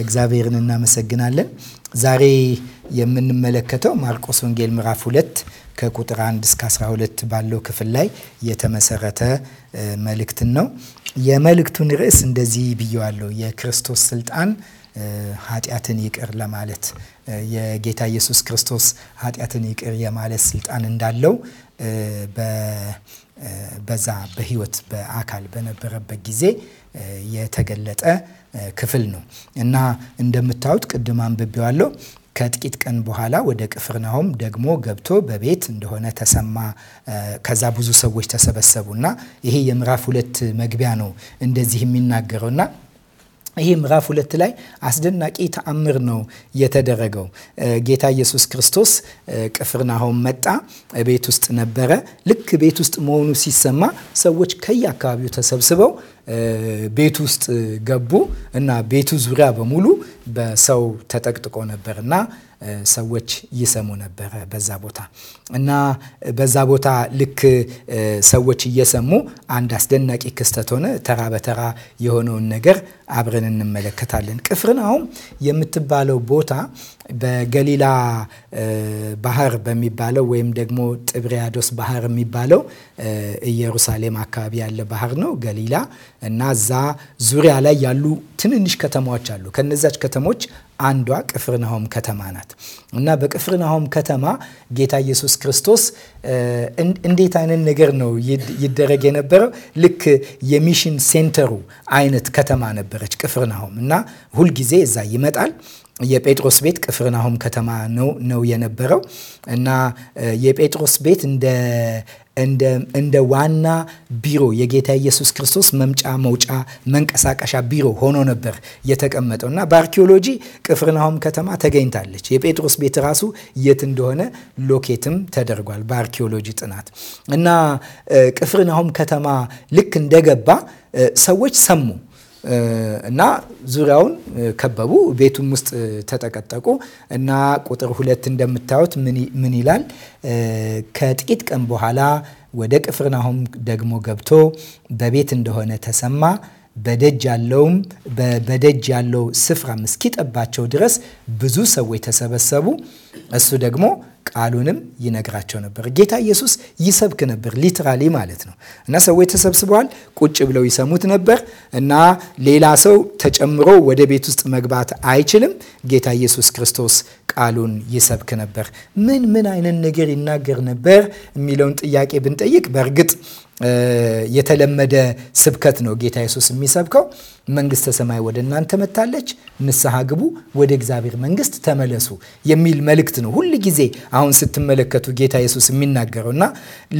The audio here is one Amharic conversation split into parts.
እግዚአብሔርን እናመሰግናለን። ዛሬ የምንመለከተው ማርቆስ ወንጌል ምዕራፍ 2 ከቁጥር 1 እስከ 12 ባለው ክፍል ላይ የተመሰረተ መልእክትን ነው። የመልእክቱን ርዕስ እንደዚህ ብየዋለሁ፣ የክርስቶስ ስልጣን ኃጢአትን ይቅር ለማለት የጌታ ኢየሱስ ክርስቶስ ኃጢአትን ይቅር የማለት ስልጣን እንዳለው በዛ በህይወት በአካል በነበረበት ጊዜ የተገለጠ ክፍል ነው እና እንደምታዩት ቅድም አንብቤዋለሁ። ከጥቂት ቀን በኋላ ወደ ቅፍርናሆም ደግሞ ገብቶ በቤት እንደሆነ ተሰማ። ከዛ ብዙ ሰዎች ተሰበሰቡና ይሄ የምዕራፍ ሁለት መግቢያ ነው እንደዚህ የሚናገረውና ይህ ምዕራፍ ሁለት ላይ አስደናቂ ተአምር ነው የተደረገው። ጌታ ኢየሱስ ክርስቶስ ቅፍርናሆም መጣ። ቤት ውስጥ ነበረ። ልክ ቤት ውስጥ መሆኑ ሲሰማ ሰዎች ከየአካባቢው ተሰብስበው ቤት ውስጥ ገቡ እና ቤቱ ዙሪያ በሙሉ በሰው ተጠቅጥቆ ነበር እና ሰዎች ይሰሙ ነበረ በዛ ቦታ እና በዛ ቦታ ልክ ሰዎች እየሰሙ አንድ አስደናቂ ክስተት ሆነ። ተራ በተራ የሆነውን ነገር አብረን እንመለከታለን። ቅፍርናሆም የምትባለው ቦታ በገሊላ ባህር በሚባለው ወይም ደግሞ ጥብሪያዶስ ባህር የሚባለው ኢየሩሳሌም አካባቢ ያለ ባህር ነው ገሊላ እና እዛ ዙሪያ ላይ ያሉ ትንንሽ ከተማዎች አሉ። ከነዛች ከተሞች አንዷ ቅፍርናሆም ከተማ ናት። እና በቅፍርናሆም ከተማ ጌታ ኢየሱስ ክርስቶስ እንዴት አይነት ነገር ነው ይደረግ የነበረው? ልክ የሚሽን ሴንተሩ አይነት ከተማ ነበረች ቅፍርናሆም። እና ሁልጊዜ እዛ ይመጣል። የጴጥሮስ ቤት ቅፍርናሆም ከተማ ነው ነው የነበረው እና የጴጥሮስ ቤት እንደ እንደ ዋና ቢሮ የጌታ ኢየሱስ ክርስቶስ መምጫ መውጫ መንቀሳቀሻ ቢሮ ሆኖ ነበር የተቀመጠው እና በአርኪኦሎጂ ቅፍርናሆም ከተማ ተገኝታለች። የጴጥሮስ ቤት ራሱ የት እንደሆነ ሎኬትም ተደርጓል በአርኪኦሎጂ ጥናት እና ቅፍርናሆም ከተማ ልክ እንደገባ ሰዎች ሰሙ እና ዙሪያውን ከበቡ። ቤቱም ውስጥ ተጠቀጠቁ እና ቁጥር ሁለት እንደምታዩት ምን ይላል? ከጥቂት ቀን በኋላ ወደ ቅፍርናሆም ደግሞ ገብቶ በቤት እንደሆነ ተሰማ። በደጅ ያለውም በደጅ ያለው ስፍራም እስኪጠባቸው ድረስ ብዙ ሰዎች ተሰበሰቡ። እሱ ደግሞ ቃሉንም ይነግራቸው ነበር። ጌታ ኢየሱስ ይሰብክ ነበር፣ ሊትራሊ ማለት ነው። እና ሰዎች ተሰብስበዋል፣ ቁጭ ብለው ይሰሙት ነበር እና ሌላ ሰው ተጨምሮ ወደ ቤት ውስጥ መግባት አይችልም። ጌታ ኢየሱስ ክርስቶስ ቃሉን ይሰብክ ነበር። ምን ምን አይነት ነገር ይናገር ነበር የሚለውን ጥያቄ ብንጠይቅ በእርግጥ የተለመደ ስብከት ነው ጌታ የሱስ የሚሰብከው። መንግስተ ሰማይ ወደ እናንተ መታለች፣ ንስሐ ግቡ፣ ወደ እግዚአብሔር መንግስት ተመለሱ የሚል መልእክት ነው ሁል ጊዜ አሁን ስትመለከቱ ጌታ የሱስ የሚናገረው እና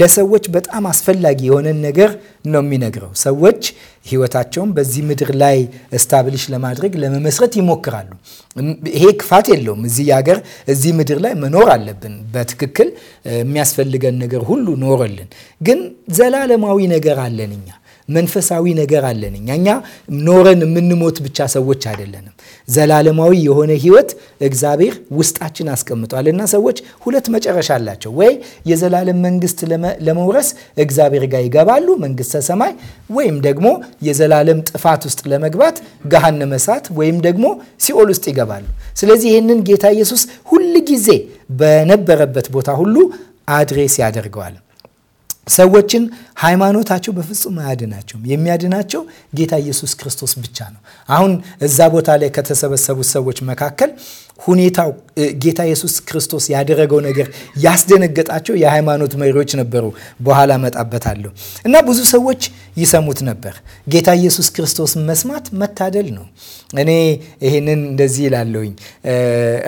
ለሰዎች በጣም አስፈላጊ የሆነን ነገር ነው የሚነግረው። ሰዎች ህይወታቸውን በዚህ ምድር ላይ እስታብሊሽ ለማድረግ ለመመስረት ይሞክራሉ። ይሄ ክፋት የለውም። እዚህ ሀገር እዚህ ምድር ላይ መኖር አለብን። በትክክል የሚያስፈልገን ነገር ሁሉ ኖረልን፣ ግን ዘላለማዊ ነገር አለን እኛ መንፈሳዊ ነገር አለን። እኛ እኛ ኖረን የምንሞት ብቻ ሰዎች አይደለንም። ዘላለማዊ የሆነ ህይወት እግዚአብሔር ውስጣችን አስቀምጧል እና ሰዎች ሁለት መጨረሻ አላቸው። ወይ የዘላለም መንግስት ለመውረስ እግዚአብሔር ጋር ይገባሉ፣ መንግስተ ሰማይ፣ ወይም ደግሞ የዘላለም ጥፋት ውስጥ ለመግባት ገሃነመ እሳት ወይም ደግሞ ሲኦል ውስጥ ይገባሉ። ስለዚህ ይህንን ጌታ ኢየሱስ ሁል ጊዜ በነበረበት ቦታ ሁሉ አድሬስ ያደርገዋል። ሰዎችን ሃይማኖታቸው በፍጹም አያድናቸውም። የሚያድናቸው ጌታ ኢየሱስ ክርስቶስ ብቻ ነው። አሁን እዛ ቦታ ላይ ከተሰበሰቡት ሰዎች መካከል ሁኔታው ጌታ ኢየሱስ ክርስቶስ ያደረገው ነገር ያስደነገጣቸው የሃይማኖት መሪዎች ነበሩ። በኋላ እመጣበታለሁ እና ብዙ ሰዎች ይሰሙት ነበር። ጌታ ኢየሱስ ክርስቶስ መስማት መታደል ነው። እኔ ይህንን እንደዚህ ይላለሁኝ፣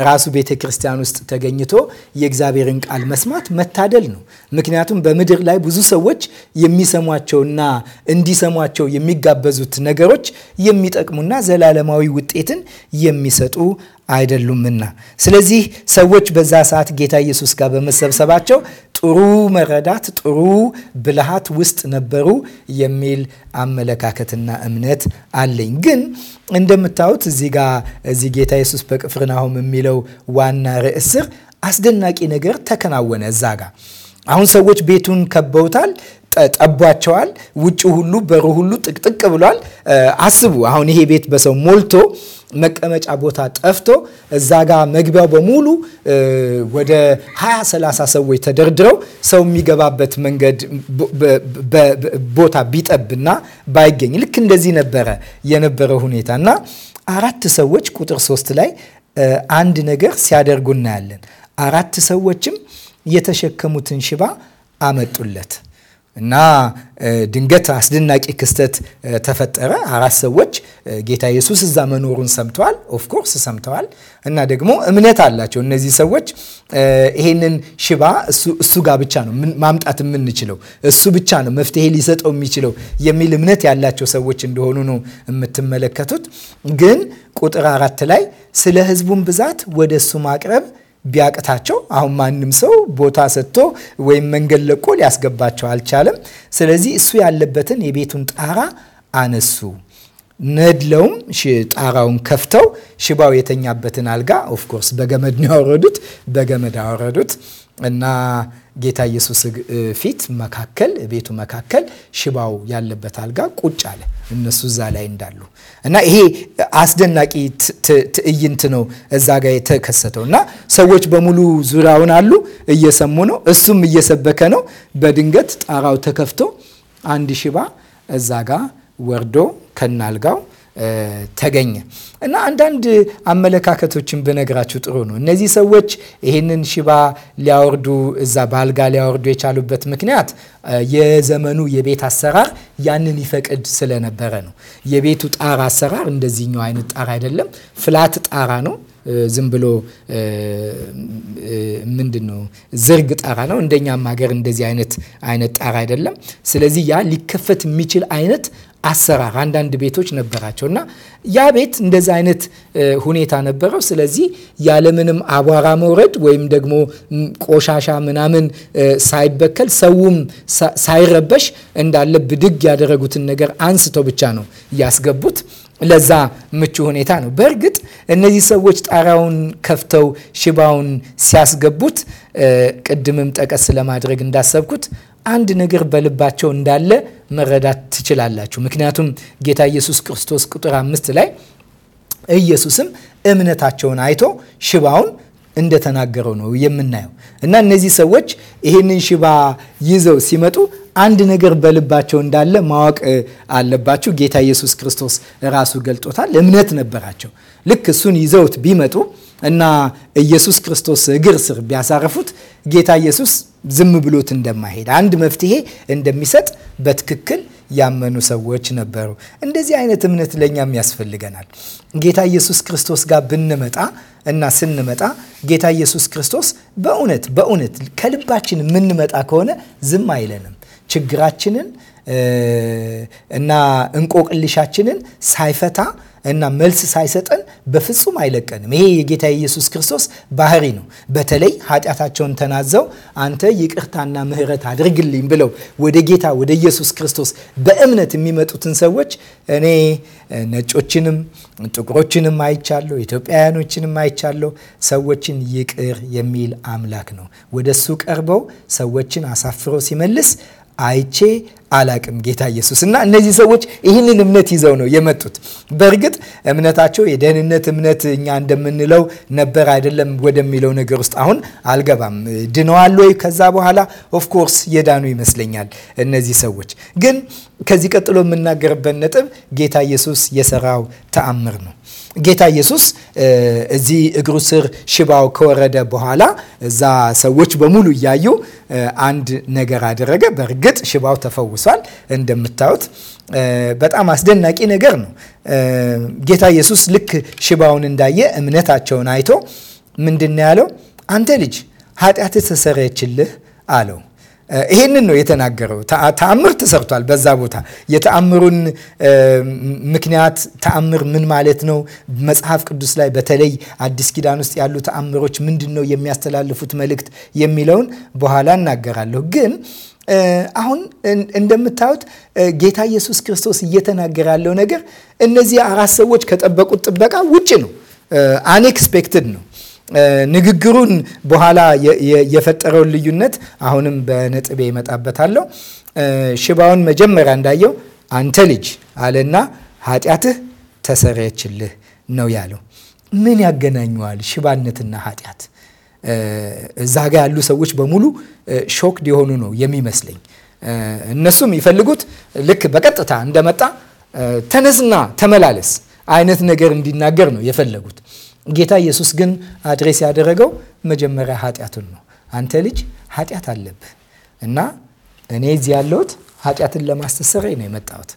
ራሱ ቤተ ክርስቲያን ውስጥ ተገኝቶ የእግዚአብሔርን ቃል መስማት መታደል ነው። ምክንያቱም በምድር ላይ ብዙ ሰዎች የሚሰሟቸውና እንዲሰሟቸው የሚጋበዙት ነገሮች የሚጠቅሙና ዘላለማዊ ውጤትን የሚሰጡ አይደሉምና። ስለዚህ ሰዎች በዛ ሰዓት ጌታ ኢየሱስ ጋር በመሰብሰባቸው ጥሩ መረዳት፣ ጥሩ ብልሃት ውስጥ ነበሩ የሚል አመለካከትና እምነት አለኝ። ግን እንደምታዩት እዚህ ጋ እዚህ ጌታ ኢየሱስ በቅፍርናሆም የሚለው ዋና ርዕስ ስር አስደናቂ ነገር ተከናወነ እዛ ጋ አሁን ሰዎች ቤቱን ከበውታል። ጠቧቸዋል። ውጭ ሁሉ በሩ ሁሉ ጥቅጥቅ ብሏል። አስቡ አሁን ይሄ ቤት በሰው ሞልቶ መቀመጫ ቦታ ጠፍቶ እዛ ጋር መግቢያው በሙሉ ወደ 20 30 ሰዎች ተደርድረው ሰው የሚገባበት መንገድ ቦታ ቢጠብና ባይገኝ ልክ እንደዚህ ነበረ የነበረው ሁኔታ እና አራት ሰዎች ቁጥር ሶስት ላይ አንድ ነገር ሲያደርጉ እናያለን። አራት ሰዎችም የተሸከሙትን ሽባ አመጡለት። እና ድንገት አስደናቂ ክስተት ተፈጠረ። አራት ሰዎች ጌታ ኢየሱስ እዛ መኖሩን ሰምተዋል። ኦፍኮርስ ሰምተዋል እና ደግሞ እምነት አላቸው። እነዚህ ሰዎች ይሄንን ሽባ እሱ ጋር ብቻ ነው ማምጣት የምንችለው፣ እሱ ብቻ ነው መፍትሄ ሊሰጠው የሚችለው የሚል እምነት ያላቸው ሰዎች እንደሆኑ ነው የምትመለከቱት። ግን ቁጥር አራት ላይ ስለ ሕዝቡን ብዛት ወደ እሱ ማቅረብ ቢያቅታቸው አሁን ማንም ሰው ቦታ ሰጥቶ ወይም መንገድ ለቆ ሊያስገባቸው አልቻለም። ስለዚህ እሱ ያለበትን የቤቱን ጣራ አነሱ። ነድለውም ጣራውን ከፍተው ሽባው የተኛበትን አልጋ ኦፍኮርስ በገመድ ነው ያወረዱት፣ በገመድ አወረዱት እና ጌታ ኢየሱስ ፊት መካከል ቤቱ መካከል ሽባው ያለበት አልጋ ቁጭ አለ እነሱ እዛ ላይ እንዳሉ እና ይሄ አስደናቂ ትዕይንት ነው እዛ ጋር የተከሰተው እና ሰዎች በሙሉ ዙሪያውን አሉ እየሰሙ ነው እሱም እየሰበከ ነው በድንገት ጣራው ተከፍቶ አንድ ሽባ እዛ ጋር ወርዶ ከናልጋው ተገኘ እና አንዳንድ አመለካከቶችን ብነግራችሁ ጥሩ ነው። እነዚህ ሰዎች ይህንን ሽባ ሊያወርዱ እዛ በአልጋ ሊያወርዱ የቻሉበት ምክንያት የዘመኑ የቤት አሰራር ያንን ይፈቅድ ስለነበረ ነው። የቤቱ ጣራ አሰራር እንደዚህኛው አይነት ጣራ አይደለም፣ ፍላት ጣራ ነው። ዝም ብሎ ምንድን ነው ዝርግ ጣራ ነው። እንደኛም ሀገር እንደዚህ አይነት አይነት ጣራ አይደለም። ስለዚህ ያ ሊከፈት የሚችል አይነት አሰራር አንዳንድ ቤቶች ነበራቸው እና ያ ቤት እንደዛ አይነት ሁኔታ ነበረው። ስለዚህ ያለምንም አቧራ መውረድ ወይም ደግሞ ቆሻሻ ምናምን ሳይበከል ሰውም ሳይረበሽ እንዳለ ብድግ ያደረጉትን ነገር አንስቶ ብቻ ነው ያስገቡት። ለዛ ምቹ ሁኔታ ነው። በእርግጥ እነዚህ ሰዎች ጣሪያውን ከፍተው ሽባውን ሲያስገቡት ቅድምም ጠቀስ ለማድረግ እንዳሰብኩት አንድ ነገር በልባቸው እንዳለ መረዳት ትችላላችሁ። ምክንያቱም ጌታ ኢየሱስ ክርስቶስ ቁጥር አምስት ላይ ኢየሱስም እምነታቸውን አይቶ ሽባውን እንደተናገረው ነው የምናየው እና እነዚህ ሰዎች ይህንን ሽባ ይዘው ሲመጡ አንድ ነገር በልባቸው እንዳለ ማወቅ አለባችሁ። ጌታ ኢየሱስ ክርስቶስ ራሱ ገልጦታል። እምነት ነበራቸው። ልክ እሱን ይዘውት ቢመጡ እና ኢየሱስ ክርስቶስ እግር ስር ቢያሳርፉት ጌታ ኢየሱስ ዝም ብሎት እንደማይሄድ አንድ መፍትሄ እንደሚሰጥ በትክክል ያመኑ ሰዎች ነበሩ። እንደዚህ አይነት እምነት ለእኛም ያስፈልገናል። ጌታ ኢየሱስ ክርስቶስ ጋር ብንመጣ እና ስንመጣ ጌታ ኢየሱስ ክርስቶስ በእውነት በእውነት ከልባችን የምንመጣ ከሆነ ዝም አይለንም። ችግራችንን እና እንቆቅልሻችንን ሳይፈታ እና መልስ ሳይሰጠን በፍጹም አይለቀንም። ይሄ የጌታ ኢየሱስ ክርስቶስ ባህሪ ነው። በተለይ ኃጢአታቸውን ተናዘው አንተ ይቅርታና ምሕረት አድርግልኝ ብለው ወደ ጌታ ወደ ኢየሱስ ክርስቶስ በእምነት የሚመጡትን ሰዎች እኔ ነጮችንም ጥቁሮችንም አይቻለሁ፣ ኢትዮጵያውያኖችንም አይቻለሁ። ሰዎችን ይቅር የሚል አምላክ ነው። ወደ እሱ ቀርበው ሰዎችን አሳፍሮ ሲመልስ አይቼ አላቅም ጌታ ኢየሱስ። እና እነዚህ ሰዎች ይህንን እምነት ይዘው ነው የመጡት። በእርግጥ እምነታቸው የደህንነት እምነት እኛ እንደምንለው ነበር አይደለም ወደሚለው ነገር ውስጥ አሁን አልገባም። ድነዋል ወይ ከዛ በኋላ ኦፍኮርስ የዳኑ ይመስለኛል እነዚህ ሰዎች። ግን ከዚህ ቀጥሎ የምናገርበት ነጥብ ጌታ ኢየሱስ የሰራው ተአምር ነው። ጌታ ኢየሱስ እዚህ እግሩ ስር ሽባው ከወረደ በኋላ እዛ ሰዎች በሙሉ እያዩ አንድ ነገር አደረገ። በእርግጥ ሽባው ተፈውሷል። እንደምታዩት በጣም አስደናቂ ነገር ነው። ጌታ ኢየሱስ ልክ ሽባውን እንዳየ እምነታቸውን አይቶ ምንድን ያለው? አንተ ልጅ ኃጢአት ተሰረየችልህ አለው። ይሄንን ነው የተናገረው። ተአምር ተሰርቷል በዛ ቦታ። የተአምሩን ምክንያት ተአምር ምን ማለት ነው? መጽሐፍ ቅዱስ ላይ በተለይ አዲስ ኪዳን ውስጥ ያሉ ተአምሮች ምንድን ነው የሚያስተላልፉት መልእክት የሚለውን በኋላ እናገራለሁ። ግን አሁን እንደምታዩት ጌታ ኢየሱስ ክርስቶስ እየተናገረ ያለው ነገር እነዚህ አራት ሰዎች ከጠበቁት ጥበቃ ውጭ ነው። አንኤክስፔክትድ ነው ንግግሩን በኋላ የፈጠረውን ልዩነት አሁንም በነጥቤ እመጣበታለሁ። ሽባውን መጀመሪያ እንዳየው አንተ ልጅ አለና ኃጢአትህ ተሰረየችልህ ነው ያለው። ምን ያገናኘዋል ሽባነትና ኃጢአት? እዛ ጋ ያሉ ሰዎች በሙሉ ሾክድ የሆኑ ነው የሚመስለኝ። እነሱም ይፈልጉት ልክ በቀጥታ እንደመጣ ተነስና ተመላለስ አይነት ነገር እንዲናገር ነው የፈለጉት። ጌታ ኢየሱስ ግን አድሬስ ያደረገው መጀመሪያ ኃጢአቱን ነው። አንተ ልጅ ኃጢአት አለብህ እና እኔ እዚህ ያለሁት ኃጢአትን ለማስተሰረይ ነው የመጣሁት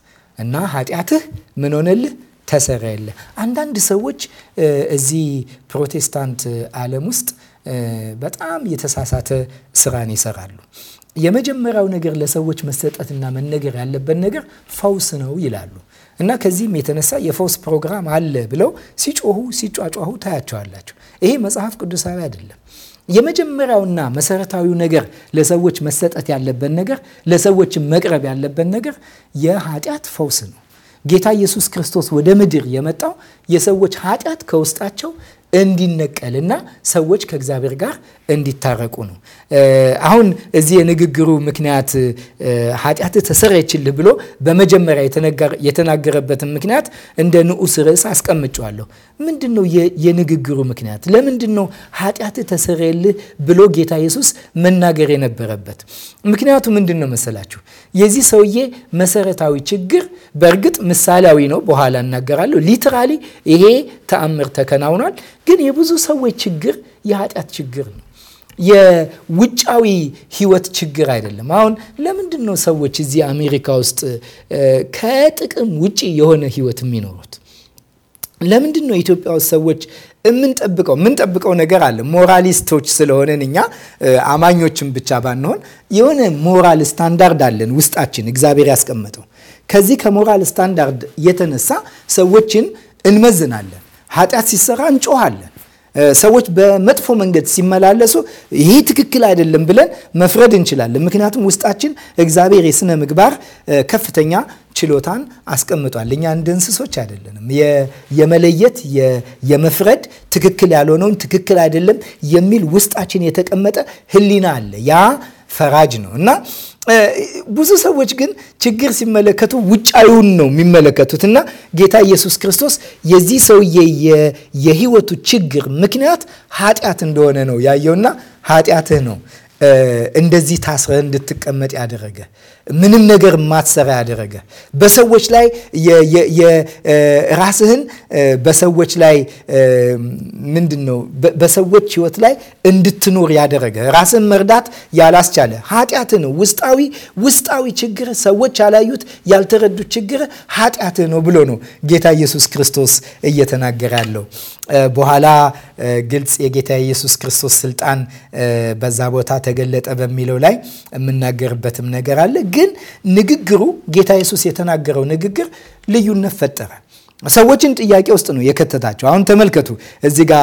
እና ኃጢአትህ ምን ሆነልህ? ተሰረየልህ። አንዳንድ ሰዎች እዚህ ፕሮቴስታንት ዓለም ውስጥ በጣም የተሳሳተ ስራን ይሰራሉ። የመጀመሪያው ነገር ለሰዎች መሰጠትና መነገር ያለበት ነገር ፈውስ ነው ይላሉ። እና ከዚህም የተነሳ የፈውስ ፕሮግራም አለ ብለው ሲጮሁ ሲጫጫሁ ታያቸዋላቸው። ይሄ መጽሐፍ ቅዱሳዊ አይደለም። የመጀመሪያውና መሰረታዊ ነገር ለሰዎች መሰጠት ያለበት ነገር ለሰዎች መቅረብ ያለበት ነገር የኃጢአት ፈውስ ነው። ጌታ ኢየሱስ ክርስቶስ ወደ ምድር የመጣው የሰዎች ኃጢአት ከውስጣቸው እንዲነቀልና ሰዎች ከእግዚአብሔር ጋር እንዲታረቁ ነው። አሁን እዚህ የንግግሩ ምክንያት ኃጢአት ተሰረየችልህ ብሎ በመጀመሪያ የተናገረበትን ምክንያት እንደ ንዑስ ርዕስ አስቀምጨዋለሁ። ምንድን ነው የንግግሩ ምክንያት? ለምንድን ነው ኃጢአት ተሰረልህ ብሎ ጌታ ኢየሱስ መናገር የነበረበት? ምክንያቱ ምንድን ነው መሰላችሁ? የዚህ ሰውዬ መሰረታዊ ችግር በእርግጥ ምሳሌያዊ ነው፣ በኋላ እናገራለሁ። ሊትራሊ ይሄ ተአምር ተከናውኗል። ግን የብዙ ሰዎች ችግር የኃጢአት ችግር ነው። የውጫዊ ህይወት ችግር አይደለም። አሁን ለምንድን ነው ሰዎች እዚህ አሜሪካ ውስጥ ከጥቅም ውጪ የሆነ ህይወት የሚኖሩት? ለምንድን ነው ኢትዮጵያ ውስጥ ሰዎች የምንጠብቀው የምንጠብቀው ነገር አለ። ሞራሊስቶች ስለሆነን እኛ አማኞችን ብቻ ባንሆን የሆነ ሞራል ስታንዳርድ አለን ውስጣችን እግዚአብሔር ያስቀመጠው። ከዚህ ከሞራል ስታንዳርድ የተነሳ ሰዎችን እንመዝናለን። ኃጢአት ሲሰራ እንጮኋለን። ሰዎች በመጥፎ መንገድ ሲመላለሱ ይሄ ትክክል አይደለም ብለን መፍረድ እንችላለን። ምክንያቱም ውስጣችን እግዚአብሔር የሥነ ምግባር ከፍተኛ ችሎታን አስቀምጧል። እኛ እንደ እንስሶች አይደለንም። የመለየት የመፍረድ ትክክል ያልሆነውን ትክክል አይደለም የሚል ውስጣችን የተቀመጠ ሕሊና አለ። ያ ፈራጅ ነው እና ብዙ ሰዎች ግን ችግር ሲመለከቱ ውጫዊውን ነው የሚመለከቱት እና ጌታ ኢየሱስ ክርስቶስ የዚህ ሰውዬ የህይወቱ ችግር ምክንያት ኃጢአት እንደሆነ ነው ያየውና ኃጢአትህ ነው እንደዚህ ታስረ እንድትቀመጥ ያደረገ ምንም ነገር ማትሰራ ያደረገ በሰዎች ላይ ራስህን በሰዎች ላይ ምንድን ነው በሰዎች ህይወት ላይ እንድትኖር ያደረገ ራስህን መርዳት ያላስቻለ ኃጢአትህ ነው። ውስጣዊ ውስጣዊ ችግር ሰዎች ያላዩት ያልተረዱት ችግር ኃጢአትህ ነው ብሎ ነው ጌታ ኢየሱስ ክርስቶስ እየተናገረ ያለው። በኋላ ግልጽ የጌታ ኢየሱስ ክርስቶስ ስልጣን በዛ ቦታ ተገለጠ በሚለው ላይ የምናገርበትም ነገር አለ። ግን ንግግሩ ጌታ ኢየሱስ የተናገረው ንግግር ልዩነት ፈጠረ። ሰዎችን ጥያቄ ውስጥ ነው የከተታቸው። አሁን ተመልከቱ፣ እዚ ጋ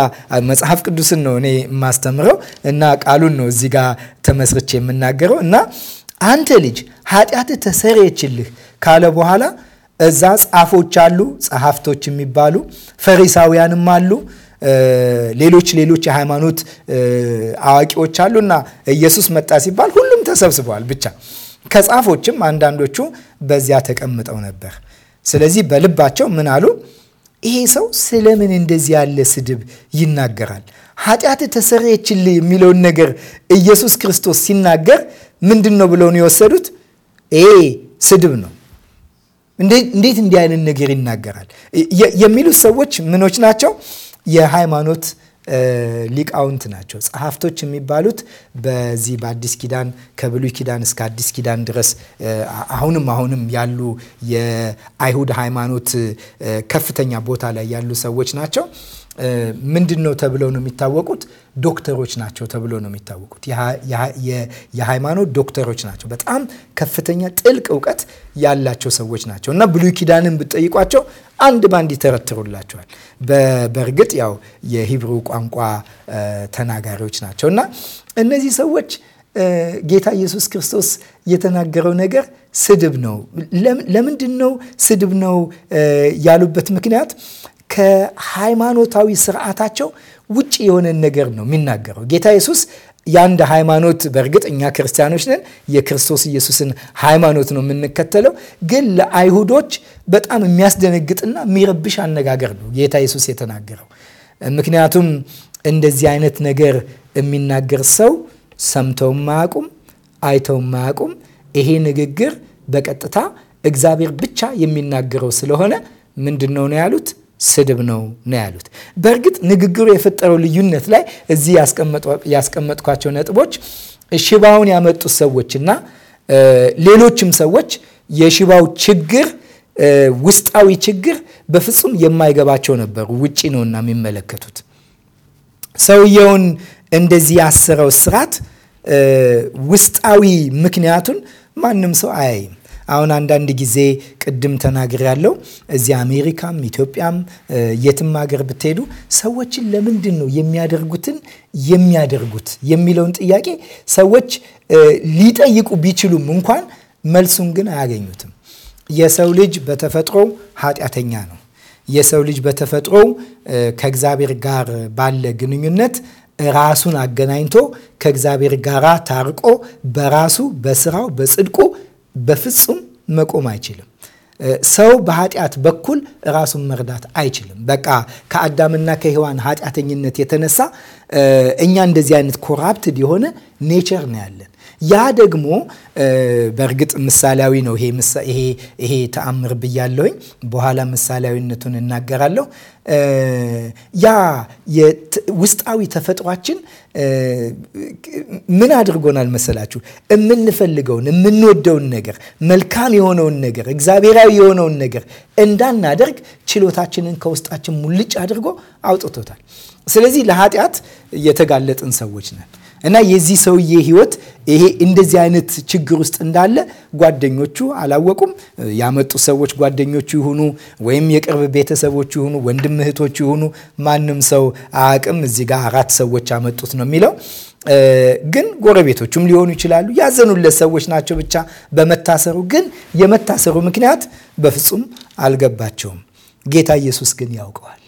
መጽሐፍ ቅዱስን ነው እኔ የማስተምረው እና ቃሉን ነው እዚ ጋ ተመስርቼ የምናገረው እና አንተ ልጅ ኃጢአትህ ተሰሬችልህ ካለ በኋላ እዛ ጻፎች አሉ፣ ጸሐፍቶች የሚባሉ ፈሪሳውያንም አሉ፣ ሌሎች ሌሎች የሃይማኖት አዋቂዎች አሉ እና ኢየሱስ መጣ ሲባል ሁሉም ተሰብስበዋል። ብቻ ከጻፎችም አንዳንዶቹ በዚያ ተቀምጠው ነበር። ስለዚህ በልባቸው ምን አሉ? ይሄ ሰው ስለምን እንደዚህ ያለ ስድብ ይናገራል? ኃጢአት ተሰረየችልህ የሚለውን ነገር ኢየሱስ ክርስቶስ ሲናገር ምንድን ነው ብለው ነው የወሰዱት? ይሄ ስድብ ነው እንዴት እንዲህ አይነት ነገር ይናገራል የሚሉት ሰዎች ምኖች ናቸው? የሃይማኖት ሊቃውንት ናቸው። ጸሐፍቶች የሚባሉት በዚህ በአዲስ ኪዳን ከብሉይ ኪዳን እስከ አዲስ ኪዳን ድረስ አሁንም አሁንም ያሉ የአይሁድ ሃይማኖት ከፍተኛ ቦታ ላይ ያሉ ሰዎች ናቸው። ምንድን ነው ተብለው ነው የሚታወቁት? ዶክተሮች ናቸው ተብለው ነው የሚታወቁት። የሃይማኖት ዶክተሮች ናቸው። በጣም ከፍተኛ ጥልቅ እውቀት ያላቸው ሰዎች ናቸው እና ብሉይ ኪዳንን ብትጠይቋቸው አንድ ባንድ ይተረትሩላቸዋል። በእርግጥ ያው የሂብሩ ቋንቋ ተናጋሪዎች ናቸው እና እነዚህ ሰዎች ጌታ ኢየሱስ ክርስቶስ የተናገረው ነገር ስድብ ነው። ለምንድን ነው ስድብ ነው ያሉበት ምክንያት ከሃይማኖታዊ ስርዓታቸው ውጭ የሆነን ነገር ነው የሚናገረው። ጌታ ኢየሱስ የአንድ ሃይማኖት በእርግጥ እኛ ክርስቲያኖች ነን፣ የክርስቶስ ኢየሱስን ሃይማኖት ነው የምንከተለው። ግን ለአይሁዶች በጣም የሚያስደነግጥና የሚረብሽ አነጋገር ነው ጌታ ኢየሱስ የተናገረው። ምክንያቱም እንደዚህ አይነት ነገር የሚናገር ሰው ሰምተውም አያውቁም፣ አይተውም አያውቁም። ይሄ ንግግር በቀጥታ እግዚአብሔር ብቻ የሚናገረው ስለሆነ ምንድን ነው ነው ያሉት ስድብ ነው ነው ያሉት። በእርግጥ ንግግሩ የፈጠረው ልዩነት ላይ እዚህ ያስቀመጥኳቸው ነጥቦች ሽባውን ያመጡት ሰዎችና ሌሎችም ሰዎች የሽባው ችግር ውስጣዊ ችግር በፍጹም የማይገባቸው ነበሩ። ውጪ ነውና የሚመለከቱት ሰውየውን እንደዚህ ያሰረው ስርዓት ውስጣዊ ምክንያቱን ማንም ሰው አያይም። አሁን አንዳንድ ጊዜ ቅድም ተናግር ያለው እዚህ አሜሪካም ኢትዮጵያም የትም ሀገር ብትሄዱ ሰዎችን ለምንድን ነው የሚያደርጉትን የሚያደርጉት የሚለውን ጥያቄ ሰዎች ሊጠይቁ ቢችሉም እንኳን መልሱን ግን አያገኙትም። የሰው ልጅ በተፈጥሮ ኃጢአተኛ ነው። የሰው ልጅ በተፈጥሮ ከእግዚአብሔር ጋር ባለ ግንኙነት ራሱን አገናኝቶ ከእግዚአብሔር ጋር ታርቆ በራሱ በስራው በጽድቁ በፍጹም መቆም አይችልም። ሰው በኃጢአት በኩል ራሱን መርዳት አይችልም። በቃ ከአዳምና ከሔዋን ኃጢአተኝነት የተነሳ እኛ እንደዚህ አይነት ኮራፕትድ የሆነ ኔቸር ነው ያለን ያ ደግሞ በእርግጥ ምሳሌያዊ ነው። ይሄ ተአምር ብያለሁኝ። በኋላ ምሳሌያዊነቱን እናገራለሁ። ያ ውስጣዊ ተፈጥሯችን ምን አድርጎናል መሰላችሁ? የምንፈልገውን የምንወደውን ነገር መልካም የሆነውን ነገር እግዚአብሔራዊ የሆነውን ነገር እንዳናደርግ ችሎታችንን ከውስጣችን ሙልጭ አድርጎ አውጥቶታል። ስለዚህ ለኃጢአት የተጋለጥን ሰዎች ነን። እና የዚህ ሰውዬ ህይወት ይሄ እንደዚህ አይነት ችግር ውስጥ እንዳለ ጓደኞቹ አላወቁም። ያመጡ ሰዎች ጓደኞቹ ይሁኑ ወይም የቅርብ ቤተሰቦቹ ይሁኑ ወንድም እህቶቹ ይሁኑ ማንም ሰው አያውቅም። እዚህ ጋር አራት ሰዎች ያመጡት ነው የሚለው ግን ጎረቤቶቹም ሊሆኑ ይችላሉ። ያዘኑለት ሰዎች ናቸው ብቻ በመታሰሩ ግን የመታሰሩ ምክንያት በፍጹም አልገባቸውም። ጌታ ኢየሱስ ግን ያውቀዋል።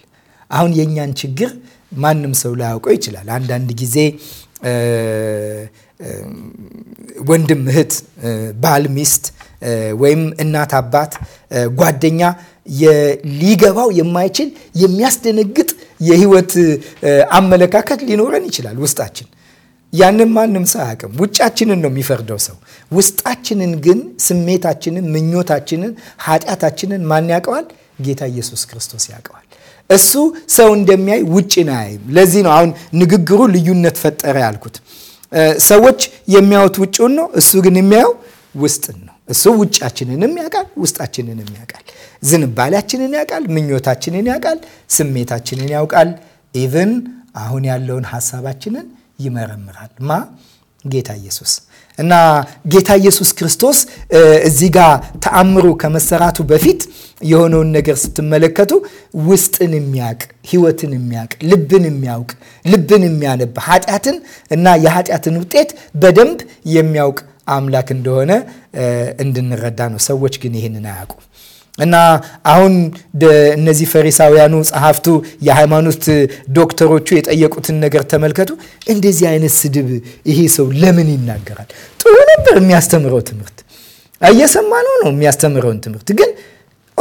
አሁን የእኛን ችግር ማንም ሰው ላያውቀው ይችላል። አንዳንድ ጊዜ ወንድም፣ እህት፣ ባል፣ ሚስት ወይም እናት፣ አባት፣ ጓደኛ ሊገባው የማይችል የሚያስደነግጥ የህይወት አመለካከት ሊኖረን ይችላል ውስጣችን። ያንን ማንም ሰው አያውቅም። ውጫችንን ነው የሚፈርደው ሰው። ውስጣችንን ግን ስሜታችንን፣ ምኞታችንን፣ ኃጢአታችንን ማን ያውቀዋል? ጌታ ኢየሱስ ክርስቶስ ያውቀዋል። እሱ ሰው እንደሚያይ ውጭ ነው ያይም። ለዚህ ነው አሁን ንግግሩ ልዩነት ፈጠረ ያልኩት። ሰዎች የሚያዩት ውጭውን ነው፣ እሱ ግን የሚያየው ውስጥን ነው። እሱ ውጫችንንም ያውቃል፣ ውስጣችንንም ያውቃል፣ ዝንባሌያችንን ያውቃል፣ ምኞታችንን ያውቃል፣ ስሜታችንን ያውቃል። ኢቭን አሁን ያለውን ሀሳባችንን ይመረምራል። ማ ጌታ ኢየሱስ እና ጌታ ኢየሱስ ክርስቶስ እዚህ ጋር ተአምሮ ከመሰራቱ በፊት የሆነውን ነገር ስትመለከቱ ውስጥን የሚያውቅ ህይወትን የሚያውቅ ልብን የሚያውቅ ልብን የሚያነብ ኃጢአትን እና የኃጢአትን ውጤት በደንብ የሚያውቅ አምላክ እንደሆነ እንድንረዳ ነው። ሰዎች ግን ይህንን አያውቁም። እና አሁን እነዚህ ፈሪሳውያኑ ጸሐፍቱ፣ የሃይማኖት ዶክተሮቹ የጠየቁትን ነገር ተመልከቱ። እንደዚህ አይነት ስድብ ይሄ ሰው ለምን ይናገራል? ጥሩ ነበር የሚያስተምረው ትምህርት፣ እየሰማነው ነው የሚያስተምረውን ትምህርት። ግን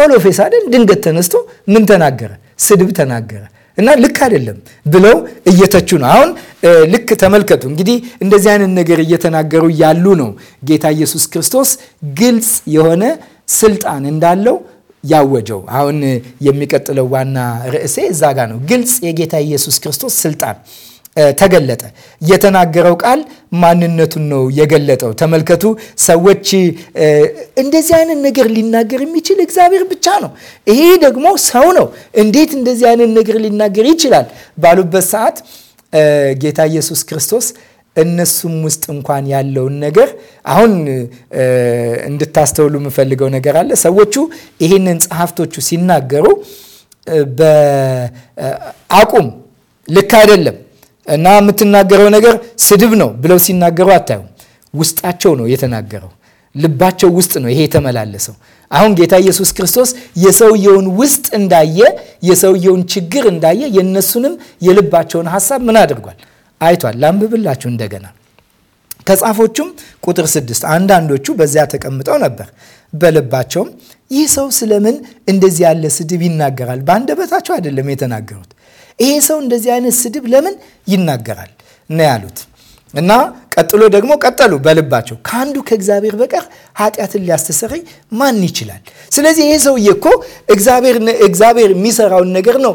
ኦሎፌስ አይደል ድንገት ተነስቶ ምን ተናገረ? ስድብ ተናገረ። እና ልክ አይደለም ብለው እየተቹ ነው። አሁን ልክ ተመልከቱ እንግዲህ እንደዚህ አይነት ነገር እየተናገሩ ያሉ ነው ጌታ ኢየሱስ ክርስቶስ ግልጽ የሆነ ስልጣን እንዳለው ያወጀው አሁን የሚቀጥለው ዋና ርዕሴ እዛ ጋ ነው። ግልጽ የጌታ ኢየሱስ ክርስቶስ ስልጣን ተገለጠ። የተናገረው ቃል ማንነቱን ነው የገለጠው። ተመልከቱ ሰዎች እንደዚህ አይነት ነገር ሊናገር የሚችል እግዚአብሔር ብቻ ነው፣ ይሄ ደግሞ ሰው ነው፣ እንዴት እንደዚህ አይነት ነገር ሊናገር ይችላል ባሉበት ሰዓት ጌታ ኢየሱስ ክርስቶስ እነሱም ውስጥ እንኳን ያለውን ነገር አሁን እንድታስተውሉ የምፈልገው ነገር አለ። ሰዎቹ ይህንን ጸሐፍቶቹ ሲናገሩ በአቁም ልክ አይደለም እና የምትናገረው ነገር ስድብ ነው ብለው ሲናገሩ አታዩም። ውስጣቸው ነው የተናገረው። ልባቸው ውስጥ ነው ይሄ የተመላለሰው። አሁን ጌታ ኢየሱስ ክርስቶስ የሰውየውን ውስጥ እንዳየ፣ የሰውየውን ችግር እንዳየ የእነሱንም የልባቸውን ሀሳብ ምን አድርጓል አይቷል። ላንብብላችሁ እንደገና ከጻፎቹም ቁጥር ስድስት አንዳንዶቹ በዚያ ተቀምጠው ነበር። በልባቸውም ይህ ሰው ስለምን እንደዚህ ያለ ስድብ ይናገራል? በአንደበታቸው አይደለም የተናገሩት። ይሄ ሰው እንደዚህ አይነት ስድብ ለምን ይናገራል ነው ያሉት። እና ቀጥሎ ደግሞ ቀጠሉ በልባቸው ከአንዱ ከእግዚአብሔር በቀር ኃጢአትን ሊያስተሰርይ ማን ይችላል? ስለዚህ ይሄ ሰውዬ እኮ እግዚአብሔር የሚሰራውን ነገር ነው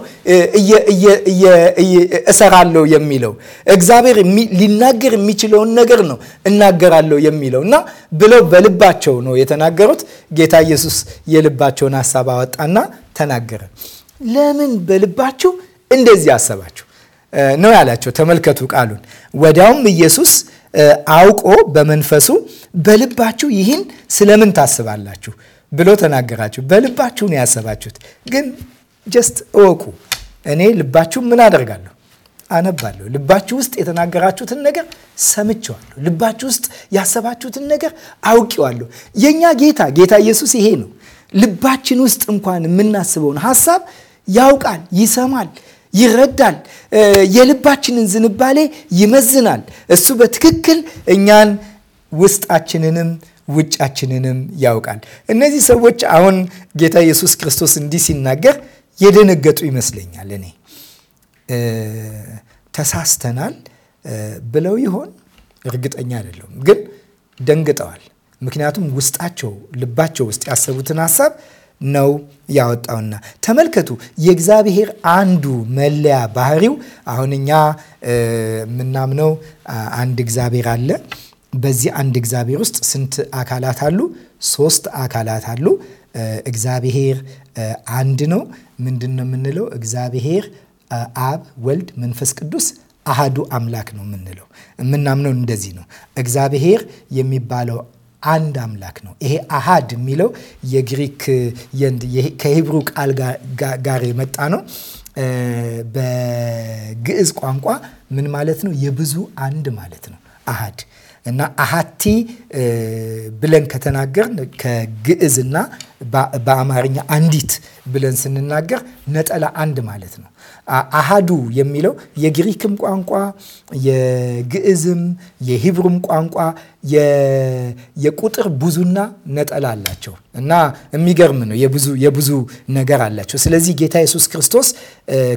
እሰራለሁ የሚለው እግዚአብሔር ሊናገር የሚችለውን ነገር ነው እናገራለሁ የሚለው እና ብለው በልባቸው ነው የተናገሩት። ጌታ ኢየሱስ የልባቸውን ሀሳብ አወጣና ተናገረ። ለምን በልባችሁ እንደዚህ አሰባችሁ? ነው ያላቸው። ተመልከቱ ቃሉን። ወዲያውም ኢየሱስ አውቆ በመንፈሱ በልባችሁ ይህን ስለምን ታስባላችሁ ብሎ ተናገራችሁ። በልባችሁ ነው ያሰባችሁት፣ ግን ጀስት እወቁ። እኔ ልባችሁ ምን አደርጋለሁ አነባለሁ። ልባችሁ ውስጥ የተናገራችሁትን ነገር ሰምቼዋለሁ። ልባችሁ ውስጥ ያሰባችሁትን ነገር አውቄዋለሁ። የእኛ ጌታ ጌታ ኢየሱስ ይሄ ነው። ልባችን ውስጥ እንኳን የምናስበውን ሀሳብ ያውቃል፣ ይሰማል ይረዳል። የልባችንን ዝንባሌ ይመዝናል። እሱ በትክክል እኛን ውስጣችንንም ውጫችንንም ያውቃል። እነዚህ ሰዎች አሁን ጌታ ኢየሱስ ክርስቶስ እንዲህ ሲናገር የደነገጡ ይመስለኛል። እኔ ተሳስተናል ብለው ይሆን እርግጠኛ አይደለሁም፣ ግን ደንግጠዋል። ምክንያቱም ውስጣቸው ልባቸው ውስጥ ያሰቡትን ሀሳብ ነው ያወጣውና ተመልከቱ። የእግዚአብሔር አንዱ መለያ ባህሪው አሁን እኛ የምናምነው አንድ እግዚአብሔር አለ። በዚህ አንድ እግዚአብሔር ውስጥ ስንት አካላት አሉ? ሶስት አካላት አሉ። እግዚአብሔር አንድ ነው። ምንድን ነው የምንለው? እግዚአብሔር አብ፣ ወልድ፣ መንፈስ ቅዱስ አህዱ አምላክ ነው የምንለው። የምናምነው እንደዚህ ነው። እግዚአብሔር የሚባለው አንድ አምላክ ነው። ይሄ አሃድ የሚለው የግሪክ ከሂብሩ ቃል ጋር የመጣ ነው። በግዕዝ ቋንቋ ምን ማለት ነው? የብዙ አንድ ማለት ነው አሃድ እና አሃቲ ብለን ከተናገርን ከግዕዝና በአማርኛ አንዲት ብለን ስንናገር ነጠላ አንድ ማለት ነው። አሃዱ የሚለው የግሪክም ቋንቋ የግዕዝም የሂብሩም ቋንቋ የቁጥር ብዙና ነጠላ አላቸው እና የሚገርም ነው። የብዙ ነገር አላቸው። ስለዚህ ጌታ ኢየሱስ ክርስቶስ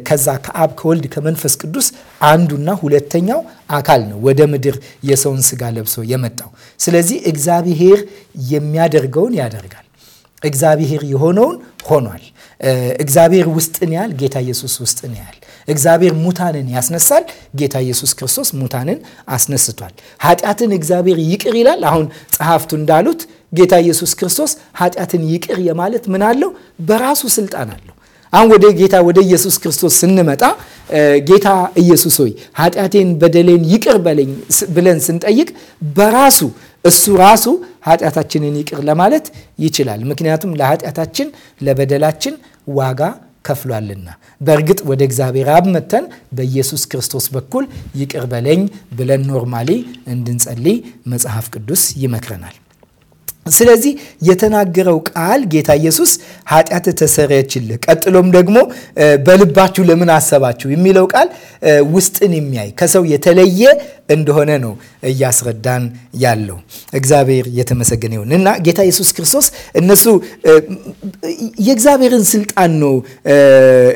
ከዛ ከአብ ከወልድ ከመንፈስ ቅዱስ አንዱና ሁለተኛው አካል ነው ወደ ምድር የሰውን ስጋ ለብሶ የመጣው። ስለዚህ እግዚአብሔር የሚያደርገውን ያደርጋል። እግዚአብሔር የሆነውን ሆኗል። እግዚአብሔር ውስጥን ያህል ጌታ ኢየሱስ ውስጥን ያህል እግዚአብሔር ሙታንን ያስነሳል። ጌታ ኢየሱስ ክርስቶስ ሙታንን አስነስቷል። ኃጢአትን እግዚአብሔር ይቅር ይላል። አሁን ጸሐፍቱ እንዳሉት ጌታ ኢየሱስ ክርስቶስ ኃጢአትን ይቅር የማለት ምን አለው? በራሱ ስልጣን አለው። አሁን ወደ ጌታ ወደ ኢየሱስ ክርስቶስ ስንመጣ ጌታ ኢየሱስ ሆይ ኃጢአቴን፣ በደሌን ይቅር በለኝ ብለን ስንጠይቅ በራሱ እሱ ራሱ ኃጢአታችንን ይቅር ለማለት ይችላል። ምክንያቱም ለኃጢአታችን ለበደላችን ዋጋ ከፍሏልና በእርግጥ ወደ እግዚአብሔር አብ መተን በኢየሱስ ክርስቶስ በኩል ይቅር በለኝ ብለን ኖርማሊ እንድንጸልይ መጽሐፍ ቅዱስ ይመክረናል። ስለዚህ የተናገረው ቃል ጌታ ኢየሱስ ኃጢአት ተሰረየችልህ፣ ቀጥሎም ደግሞ በልባችሁ ለምን አሰባችሁ የሚለው ቃል ውስጥን የሚያይ ከሰው የተለየ እንደሆነ ነው እያስረዳን ያለው። እግዚአብሔር የተመሰገነ ይሁን እና ጌታ ኢየሱስ ክርስቶስ እነሱ የእግዚአብሔርን ስልጣን ነው